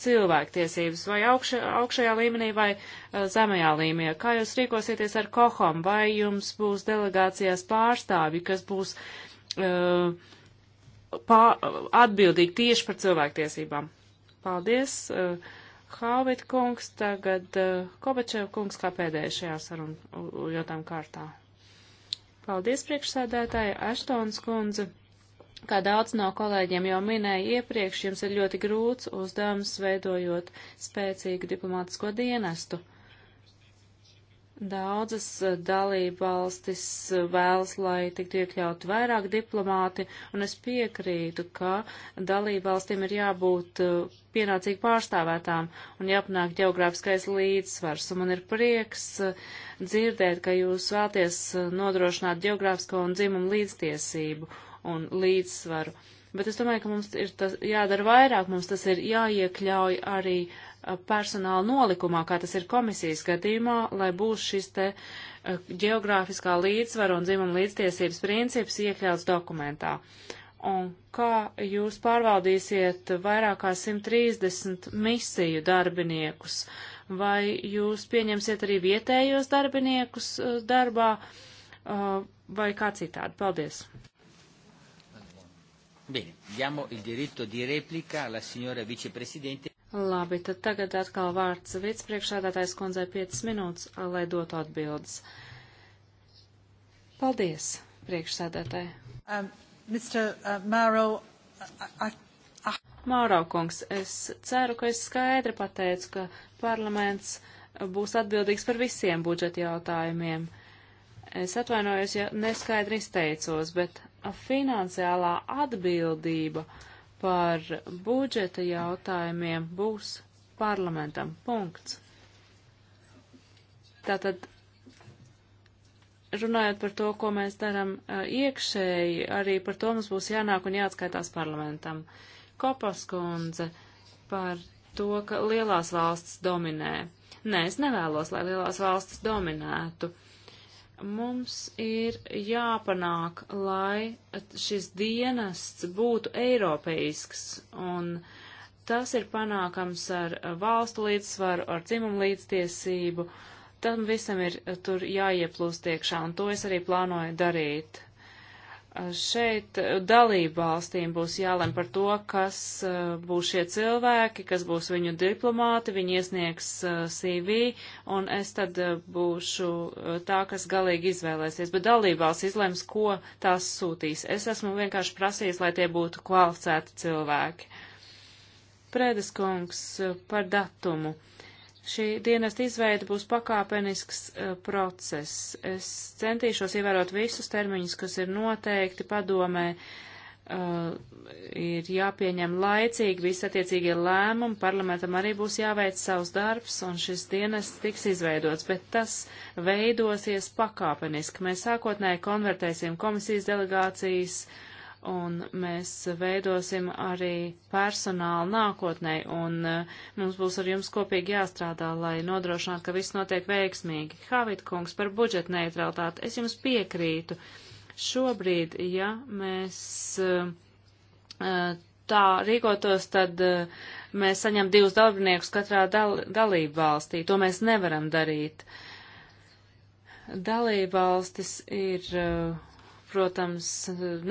cilvēktiesības, vai augš, augšējā līmenī, vai uh, zemajā līmenī. Kā jūs rīkosieties ar kohom, vai jums būs delegācijās pārstāvi, kas būs uh, pā, atbildīgi tieši par cilvēktiesībām. Paldies, uh, eh, Hāvit kungs, tagad uh, Kovačev kungs kā pēdējais šajā sarunu jautājumu kārtā. Paldies, priekšsēdētāji, Aštons kundze. Kā daudz no kolēģiem jau minēja iepriekš, jums ir ļoti grūts uzdevums veidojot spēcīgu diplomātisko dienestu. Uh, Daudzas eh, dalībvalstis eh, vēlas, lai tiktu iekļaut vairāk diplomāti, un es piekrītu, ka dalībvalstīm ir jābūt eh, pienācīgi pārstāvētām un jāpanāk geogrāfiskais līdzsvars. Un man ir prieks dzirdēt, ka jūs vēlties nodrošināt geogrāfisko un dzimumu līdztiesību un līdzsvaru. Uh, Bet es domāju, ka mums ir tas jādara vairāk, mums tas ir jāiekļauj arī personāla nolikumā, kā tas ir komisijas gadījumā, lai būs šis te geogrāfiskā līdzsvara un dzimuma līdztiesības princips iekļauts dokumentā. Un kā jūs pārvaldīsiet vairāk kā 130 misiju darbiniekus? Vai jūs pieņemsiet arī vietējos darbiniekus darbā vai kā citādi? Paldies! Bene, diamo il diritto di replika alla signora viceprezidente. Labi, tad tagad atkal vārds vicepriekšādātājs kundzei 5 minūtes, lai dotu atbildes. Paldies, priekšsādātāji. Um, Mr. Uh, Maro, I, uh, I... Uh, uh. Māro kungs, es ceru, ka es skaidri pateicu, ka parlaments būs atbildīgs par visiem budžeta jautājumiem. Es atvainojos, ja neskaidri izteicos, bet finansiālā atbildība par budžeta jautājumiem būs parlamentam. Punkts. Tātad, runājot par to, ko mēs darām iekšēji, arī par to mums būs jānāk un jāatskaitās parlamentam. Kopas kundze par to, ka lielās valstis dominē. Nē, es nevēlos, lai lielās valstis dominētu. Uh, Mums ir jāpanāk, lai šis dienests būtu eiropeisks, un tas ir panākams ar valstu līdzsvaru, ar dzimumu līdztiesību. Tam visam ir tur jāieplūst iekšā, un to es arī plānoju darīt. Šeit dalību valstīm būs jālem par to, kas uh, būs šie cilvēki, kas būs viņu diplomāti, viņi iesniegs uh, CV, un es tad uh, būšu tā, kas galīgi izvēlēsies. Bet dalību valsts izlems, ko tās sūtīs. Es esmu vienkārši prasījis, lai tie būtu kvalificēti cilvēki. Prēdes kungs par datumu. Šī dienesta izveida būs pakāpenisks uh, process. Es centīšos ievērot visus termiņus, kas ir noteikti padomē. Uh, ir jāpieņem laicīgi visi attiecīgie lēmumi, parlamentam arī būs jāveic savs darbs, un šis dienests tiks izveidots, bet tas veidosies pakāpeniski. Mēs sākotnēji konvertēsim komisijas delegācijas uh, un mēs veidosim arī personālu nākotnē, un eh, mums būs ar jums kopīgi jāstrādā, lai nodrošinātu, ka viss notiek veiksmīgi. Havit kungs par budžeta neutralitāti, es jums piekrītu. Šobrīd, ja mēs eh, eh, tā rīkotos, tad mēs saņem divus darbiniekus katrā dal dalību valstī. To mēs nevaram darīt. Dalībvalstis ir uh, protams,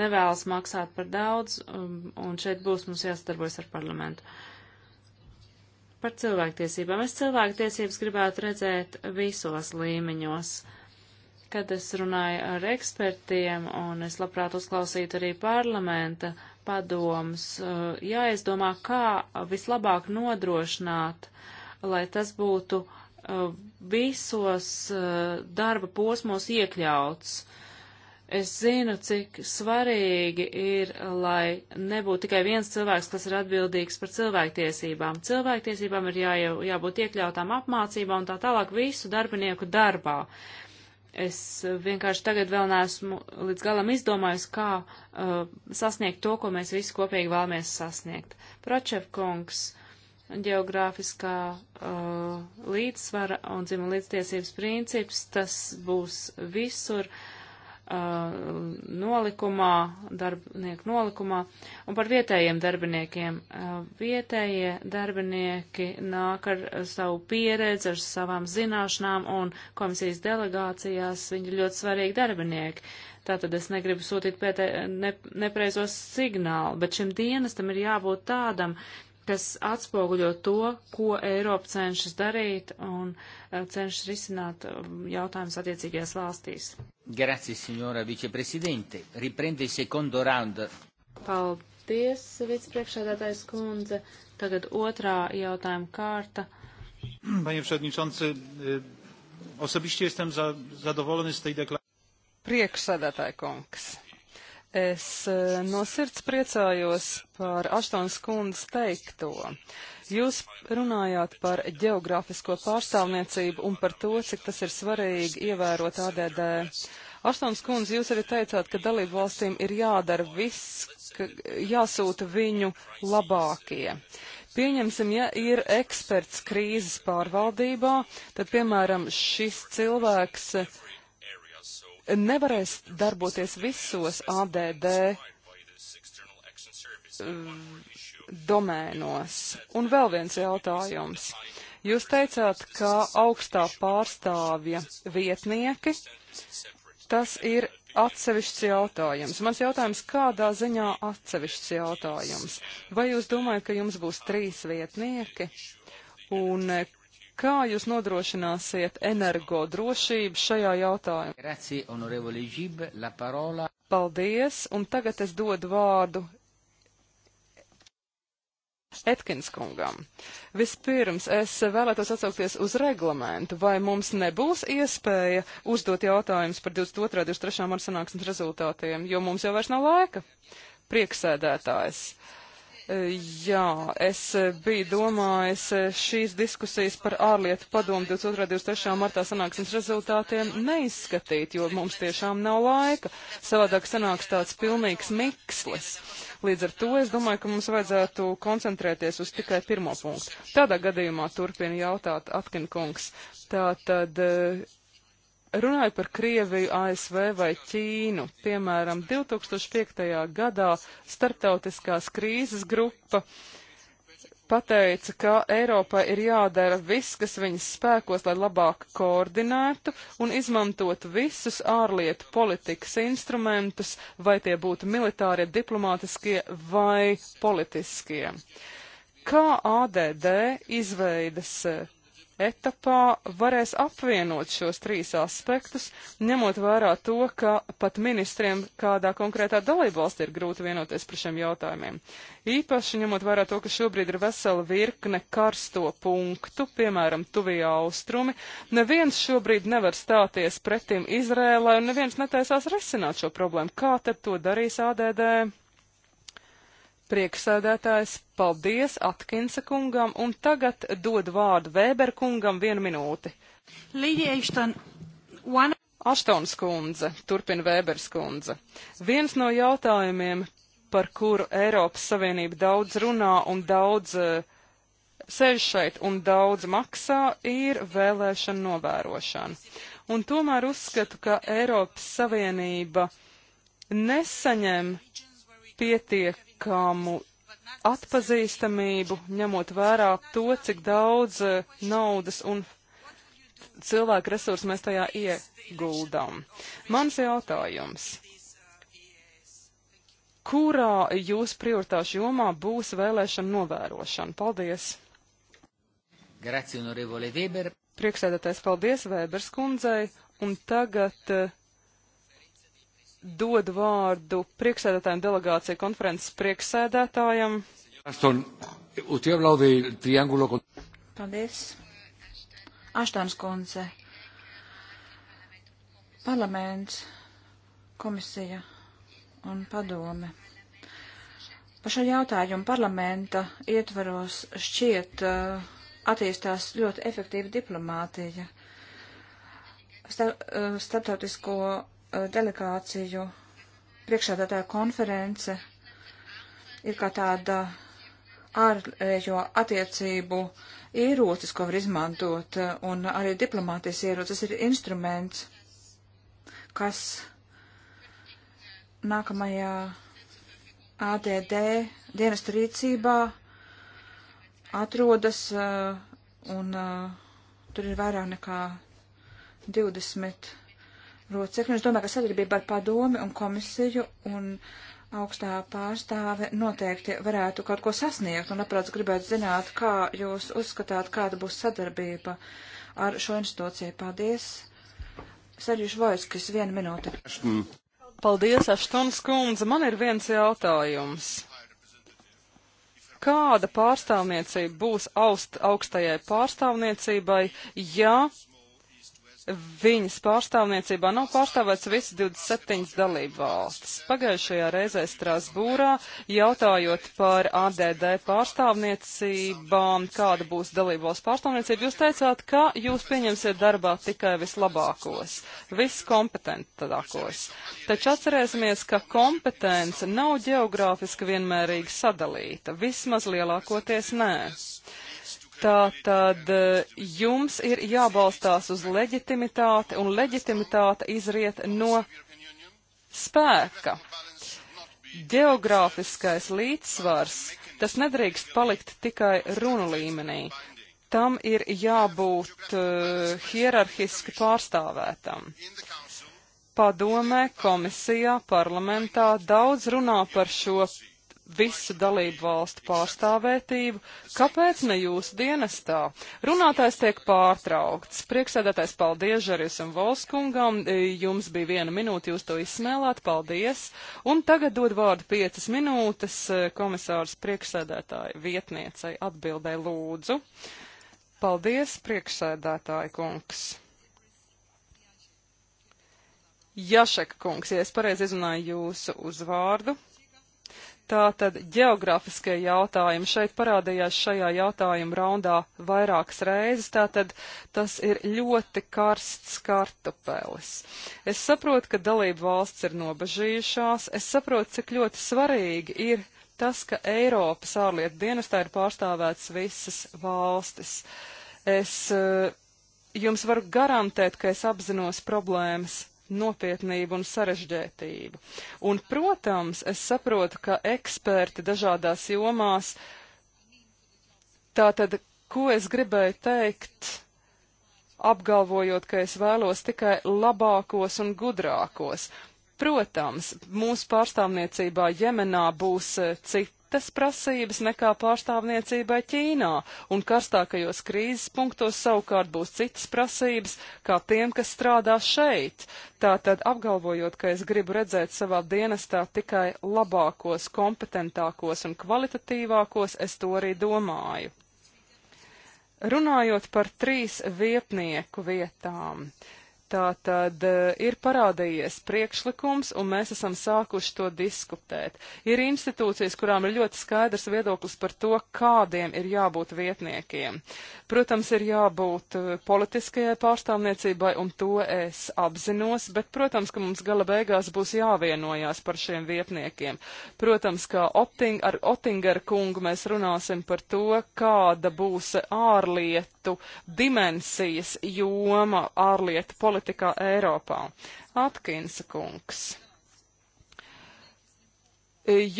nevēlas maksāt par daudz, um, un šeit būs mums jāsadarbojas ar parlamentu. Par cilvēktiesībām. Es cilvēktiesības gribētu redzēt visos līmeņos. Kad es runāju ar ekspertiem, un es labprāt uzklausītu arī parlamenta padomus, uh, jāizdomā, kā vislabāk nodrošināt, lai tas būtu uh, visos uh, darba posmos iekļauts. Uh, Es zinu, cik svarīgi ir, lai nebūtu tikai viens cilvēks, kas ir atbildīgs par cilvēktiesībām. Cilvēktiesībām ir jā, jābūt iekļautām apmācībā un tā tālāk visu darbinieku darbā. Es vienkārši tagad vēl neesmu līdz galam izdomājusi, kā uh, sasniegt to, ko mēs visi kopīgi vēlamies sasniegt. Pročev kungs, geogrāfiskā uh, līdzsvara un dzimuma līdztiesības princips, tas būs visur. Uh, Uh, nolikumā, darbinieku nolikumā, un par vietējiem darbiniekiem. Uh, vietējie darbinieki nāk ar savu pieredzi, ar savām zināšanām, un komisijas delegācijās viņi ir ļoti svarīgi darbinieki. Tātad es negribu sūtīt pētē, ne, nepreizos signālu, bet šim dienestam ir jābūt tādam, uh, kas atspoguļo to, ko Eiropa cenšas darīt un eh, cenšas risināt um, jautājumus attiecīgajās valstīs. Grazie, signora viceprezidente. Riprende secondo round. Paldies, vicepriekšādātais kundze. Tagad otrā jautājuma kārta. Panie przewodniczący, osobiście jestem za, zadowolony z tej deklaracji. Priekšsēdētāja kungs. Es eh, no sirds priecājos par Aštons kundas teikto. Jūs runājāt par geogrāfisko pārstāvniecību un par to, cik tas ir svarīgi ievērot ADD. Aštons kundze, jūs arī teicāt, ka dalību valstīm ir jādara viss, jāsūta viņu labākie. Pieņemsim, ja ir eksperts krīzes pārvaldībā, tad, piemēram, šis cilvēks nevarēs darboties visos ADD eh, domēnos. Un vēl viens jautājums. Jūs teicāt, ka augstā pārstāvja vietnieki, tas ir atsevišķs jautājums. Mans jautājums, kādā ziņā atsevišķs jautājums? Vai jūs domājat, ka jums būs trīs vietnieki? Un eh, Kā jūs nodrošināsiet energo drošību šajā jautājumā? Grazie, onorevole Žib, la parola. Paldies, un tagad es dodu vārdu Etkins kungam. Vispirms es vēlētos atsaukties uz reglamentu, vai mums nebūs iespēja uzdot jautājumus par 22. 23. marta sanāksmes rezultātiem, jo mums jau vairs nav laika. Prieksēdētājs. Uh, Jā, es eh, biju domājis eh, šīs diskusijas par ārlietu padomu 22. 23. martā sanāksmes rezultātiem neizskatīt, jo mums tiešām nav laika. Savādāk sanāks tāds pilnīgs mikslis. Līdz ar to es domāju, ka mums vajadzētu koncentrēties uz tikai pirmo punktu. Tādā gadījumā turpina jautāt Atkinkungs. Tātad eh, Runājot par Krieviju, ASV vai Ķīnu, piemēram, 2005. gadā starptautiskās krīzes grupa pateica, ka Eiropai ir jādara viss, kas viņas spēkos, lai labāk koordinētu un izmantotu visus ārlietu politikas instrumentus, vai tie būtu militārie, diplomātiskie vai politiskie. Kā ADD izveidas etapā varēs apvienot šos trīs aspektus, ņemot vērā to, ka pat ministriem kādā konkrētā dalībvalstī ir grūti vienoties par šiem jautājumiem. Īpaši ņemot vērā to, ka šobrīd ir vesela virkne karsto punktu, piemēram, tuvijā austrumi, neviens šobrīd nevar stāties pretim Izrēlai un neviens netaisās risināt šo problēmu. Kā tad to darīs ADD? Prieksēdētājs, paldies Atkinsa kungam, un tagad dod vārdu Vēber kungam vienu minūti. Līdija Ištan, one... Aštons kundze, turpina Vēbers kundze. Viens no jautājumiem, par kuru Eiropas Savienība daudz runā un daudz uh, sēž šeit un daudz maksā, ir vēlēšana novērošana. Un tomēr uzskatu, ka Eiropas Savienība nesaņem pietiekamu atpazīstamību, ņemot vērā to, cik daudz eh, naudas un cilvēku resursu mēs tajā ieguldām. Mans jautājums. Kurā jūs prioritāšu jomā būs vēlēšana novērošana? Paldies! Grazie, Priekšsēdētājs, paldies Vēbers kundzei, un tagad uh, dodu vārdu priekšsēdētājiem delegācija konferences priekšsēdētājam. Paldies. Aštāns kundze. Parlaments, komisija un padome. Par šo jautājumu parlamenta ietvaros šķiet uh, attīstās ļoti efektīva diplomātija. Starp, uh, starptautisko Eh, delegāciju priekšādātāja konference ir kā tāda ārējo attiecību ierocis, ko var izmantot, eh, un arī diplomātijas ierocis ir instruments, kas nākamajā ADD dienestu rīcībā atrodas, eh, un tur ir vairāk nekā 20 locekļi. Es domāju, ka sadarbība ar padomi un komisiju un augstā pārstāve noteikti varētu kaut ko sasniegt. Un, labprāt, gribētu zināt, kā jūs uzskatāt, kāda būs sadarbība ar šo institūciju. Paldies! Sarjuš Vojskis, viena minūte. Paldies, Aštons kundze. Man ir viens jautājums kāda pārstāvniecība būs aust, augstajai pārstāvniecībai, ja viņas pārstāvniecībā nav pārstāvēts visas 27 dalību valstis. Pagājušajā reizē Strasbūrā, jautājot par ADD pārstāvniecībām, kāda būs dalību valsts pārstāvniecība, jūs teicāt, ka jūs pieņemsiet darbā tikai vislabākos, viskompetentākos. Taču atcerēsimies, ka kompetence nav geogrāfiski vienmērīgi sadalīta, vismaz lielākoties nē. Tā tad eh, jums ir jābalstās uz leģitimitāti, un leģitimitāte izriet no spēka. Geogrāfiskais līdzsvars, tas nedrīkst palikt tikai runu līmenī. Tam ir jābūt uh, hierarhiski pārstāvētam. Padomē, komisijā, parlamentā daudz runā par šo visu dalību valstu pārstāvētību, kāpēc ne jūsu dienestā? Runātājs tiek pārtraukts. Prieksēdētājs paldies Žaris un Volskungam. E, jums bija viena minūte, jūs to izsmēlāt. Paldies. Un tagad dod vārdu piecas minūtes e, komisārs prieksēdētāja vietniecei atbildē lūdzu. Paldies, prieksēdētāja kungs. Jašek kungs, ja es pareizi izrunāju jūsu uzvārdu. Tātad geogrāfiskie jautājumi šeit parādījās šajā jautājuma raundā vairākas reizes, tātad tas ir ļoti karsts kartupelis. Es saprotu, ka dalību valsts ir nobežījušās, es saprotu, cik ļoti svarīgi ir tas, ka Eiropas ārlietu dienestā ir pārstāvēts visas valstis. Es eh, jums varu garantēt, ka es apzinos problēmas nopietnību un sarežģētību. Un, protams, es saprotu, ka eksperti dažādās jomās, tātad, ko es gribēju teikt, apgalvojot, ka es vēlos tikai labākos un gudrākos. Protams, mūsu pārstāvniecībā Jemenā būs eh, citi citas prasības nekā pārstāvniecībai Ķīnā, un karstākajos krīzes punktos savukārt būs citas prasības kā tiem, kas strādā šeit. Tātad apgalvojot, ka es gribu redzēt savā dienestā tikai labākos, kompetentākos un kvalitatīvākos, es to arī domāju. Runājot par trīs vietnieku vietām. Uh, Tā tad eh, ir parādījies priekšlikums, un mēs esam sākuši to diskutēt. Ir institūcijas, kurām ir ļoti skaidrs viedoklis par to, kādiem ir jābūt vietniekiem. Protams, ir jābūt eh, politiskajai pārstāvniecībai, un to es apzinos, bet, protams, ka mums gala beigās būs jāvienojās par šiem vietniekiem. Protams, kā Opting, ar Otingeru kungu mēs runāsim par to, kāda būs ārlieta ārlietu dimensijas joma ārlietu politikā Eiropā. Atkinsa kungs.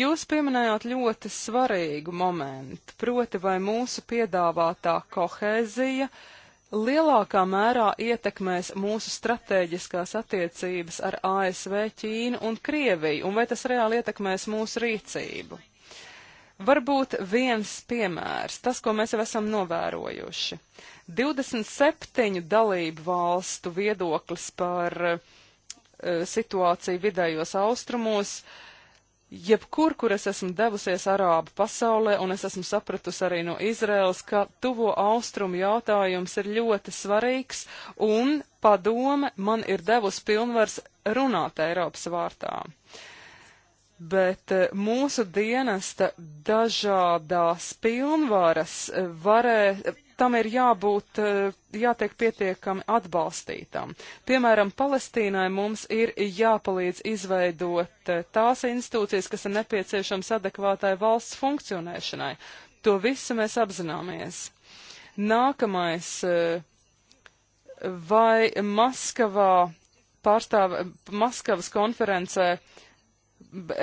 Jūs pieminējāt ļoti svarīgu momentu, proti vai mūsu piedāvātā kohēzija lielākā mērā ietekmēs mūsu strateģiskās attiecības ar ASV, Ķīnu un Krieviju, un vai tas reāli ietekmēs mūsu rīcību. Varbūt viens piemērs, tas, ko mēs jau esam novērojuši. 27 dalību valstu viedoklis par uh, situāciju vidējos austrumos, jebkur, kur es esmu devusies Arābu pasaulē, un es esmu sapratusi arī no Izraels, ka tuvo austrumu jautājums ir ļoti svarīgs, un padome man ir devusi pilnvars runāt Eiropas vārtām. Uh, bet eh, mūsu dienesta dažādās pilnvaras eh, varē, tam ir jābūt, eh, jātiek pietiekami atbalstītam. Piemēram, Palestīnai mums ir jāpalīdz izveidot tās institūcijas, kas ir nepieciešams adekvātai valsts funkcionēšanai. To visu mēs apzināmies. Nākamais, vai Maskavā pārstāv Maskavas konferencē uh,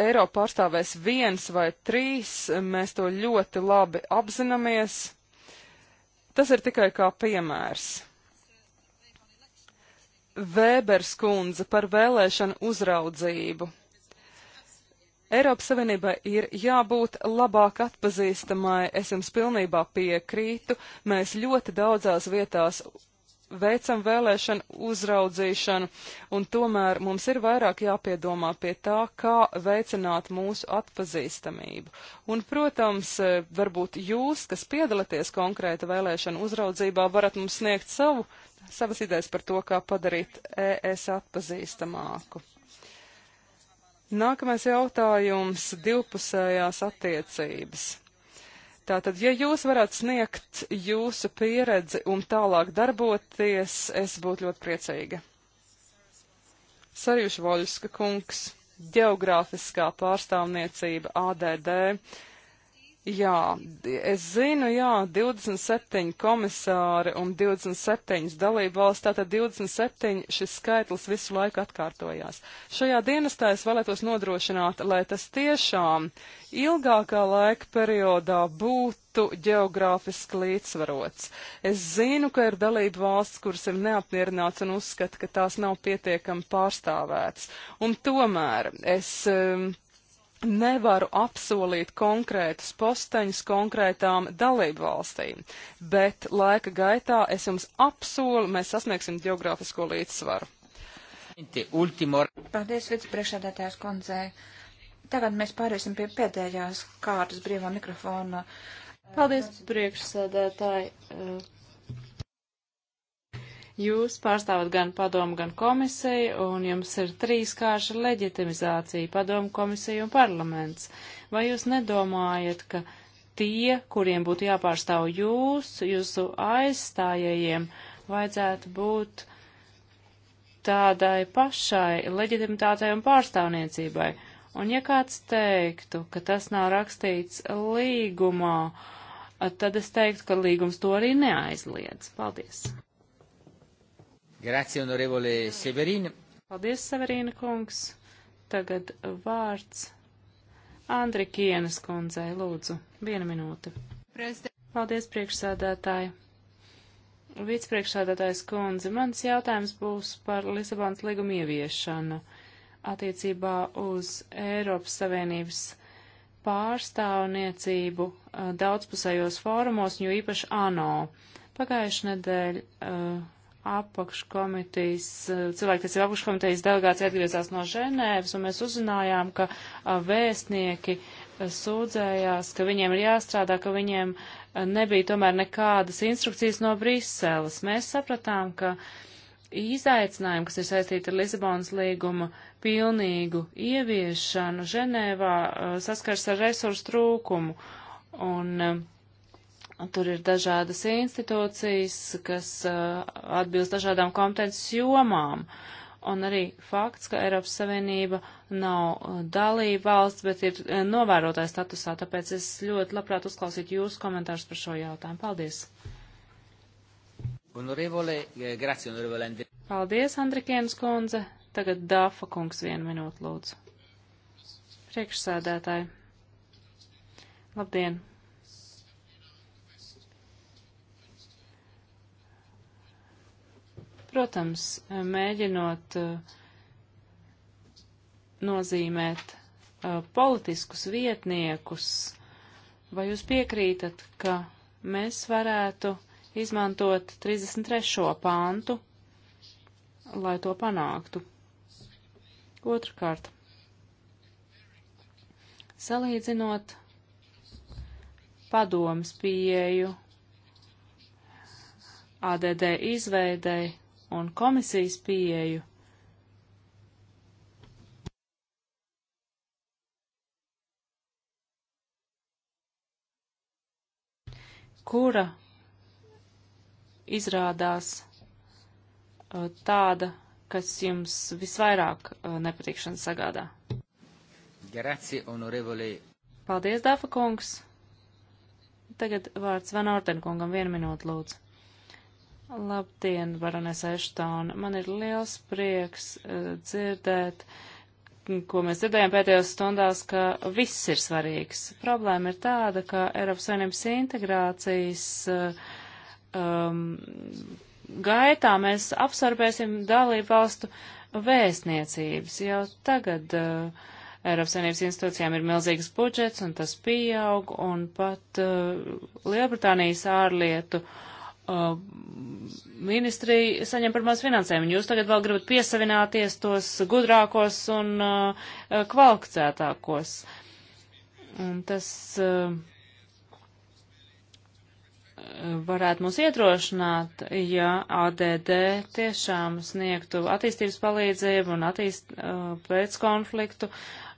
Eiropa pārstāvēs viens vai trīs, mēs to ļoti labi apzināmies. Tas ir tikai kā piemērs. Vēbers kundze par vēlēšanu uzraudzību. Eiropas Savienībai ir jābūt labāk atpazīstamai, es jums pilnībā piekrītu, mēs ļoti daudzās vietās veicam vēlēšanu uzraudzīšanu, un tomēr mums ir vairāk jāpiedomā pie tā, kā veicināt mūsu atpazīstamību. Un, protams, e, varbūt jūs, kas piedalaties konkrēta vēlēšana uzraudzībā, varat mums sniegt savu, savas idejas par to, kā padarīt ES atpazīstamāku. Nākamais jautājums - divpusējās attiecības. Tātad, ja jūs varētu sniegt jūsu pieredzi un tālāk darboties, es būtu ļoti priecīga. Sarjuša Voļska kungs, geogrāfiskā pārstāvniecība ADD. Jā, es zinu, jā, 27 komisāri un 27 dalību valsts, tātad 27 šis skaitlis visu laiku atkārtojās. Šajā dienestā es vēlētos nodrošināt, lai tas tiešām ilgākā laika periodā būtu geogrāfiski līdzsvarots. Es zinu, ka ir dalību valsts, kuras ir neapmierināts un uzskata, ka tās nav pietiekami pārstāvētas. Un tomēr es. Um, nevaru apsolīt konkrētus posteņus konkrētām dalību valstīm, bet laika gaitā es jums apsolu, mēs sasniegsim geogrāfisko līdzsvaru. Paldies, vicepriekšādātājs kundzei. Tagad mēs pāriesim pie pēdējās kārtas brīvā mikrofona. Paldies, priekšsēdētāji. Jūs pārstāvat gan padomu, gan komisiju, un jums ir trīskārša leģitimizācija - padomu, komisija un parlaments. Vai jūs nedomājat, ka tie, kuriem būtu jāpārstāv jūs, jūsu aizstājējiem, vajadzētu būt tādai pašai leģitimitātei un pārstāvniecībai? Un ja kāds teiktu, ka tas nav rakstīts līgumā, tad es teiktu, ka līgums to arī neaizliedz. Paldies! Grazie, onorevole Severīna. Paldies, Severīna kungs. Tagad vārds Andrikienas kundzei, lūdzu. Viena minūte. Prezident. Paldies, priekšsādātāji. Vicepriekšsādātājs kundze, mans jautājums būs par Lisabonas līgumu ieviešanu attiecībā uz Eiropas Savienības pārstāvniecību uh, daudzpusējos fórumos, jo īpaši ANO. Pagājuši nedēļ uh, apakškomitejas, eh, cilvēktiesību apakškomitejas delegācija atgriezās no Ženēvas, un mēs uzzinājām, ka eh, vēstnieki eh, sūdzējās, ka viņiem ir jāstrādā, ka viņiem nebija tomēr nekādas instrukcijas no Briseles. Mēs sapratām, ka izaicinājumi, kas ir saistīti ar Lisabonas līguma pilnīgu ieviešanu Ženēvā, saskars ar resursu trūkumu. Un, uh, Tur ir dažādas institūcijas, kas uh, atbilst dažādām kompetences jomām. Un arī fakts, ka Eiropas Savienība nav uh, dalība valsts, bet ir uh, novērotāja statusā, tāpēc es ļoti labprāt uzklausītu jūsu komentārus par šo jautājumu. Paldies! Honorevole, eh, grazie, honorevole Andri. Paldies, Andrikienas kundze. Tagad Dāfa kungs vienu minūtu lūdzu. Priekšsēdētāji. Labdien! Protams, eh, mēģinot eh, nozīmēt eh, politiskus vietniekus, vai jūs piekrītat, ka mēs varētu izmantot 33. pāntu, lai to panāktu? Otrakārt, salīdzinot padomas pieeju ADD izveidei un komisijas pieeju. kura izrādās uh, tāda, kas jums visvairāk uh, nepatīkšanas sagādā. Grazie, honorevole. Paldies, Dāfa kungs. Tagad vārds Van Ortenkungam vienu minūtu lūdzu. Labdien, Barones Eštona! Man ir liels prieks uh, dzirdēt, ko mēs dzirdējām pēdējos stundās, ka viss ir svarīgs. Problēma ir tāda, ka Eiropas Savienības integrācijas uh, um, gaitā mēs apsarbēsim dalību valstu vēstniecības. Jau tagad uh, Eiropas Savienības institūcijām ir milzīgs budžets, un tas pieaug, un pat uh, Lielbritānijas ārlietu uh, uh, ministrija saņem par maz finansējumu. Jūs tagad vēl gribat piesavināties tos gudrākos un uh, kvalificētākos. Un tas uh, varētu mūs iedrošināt, ja ADD tiešām sniegtu attīstības palīdzību un attīst, pēc konfliktu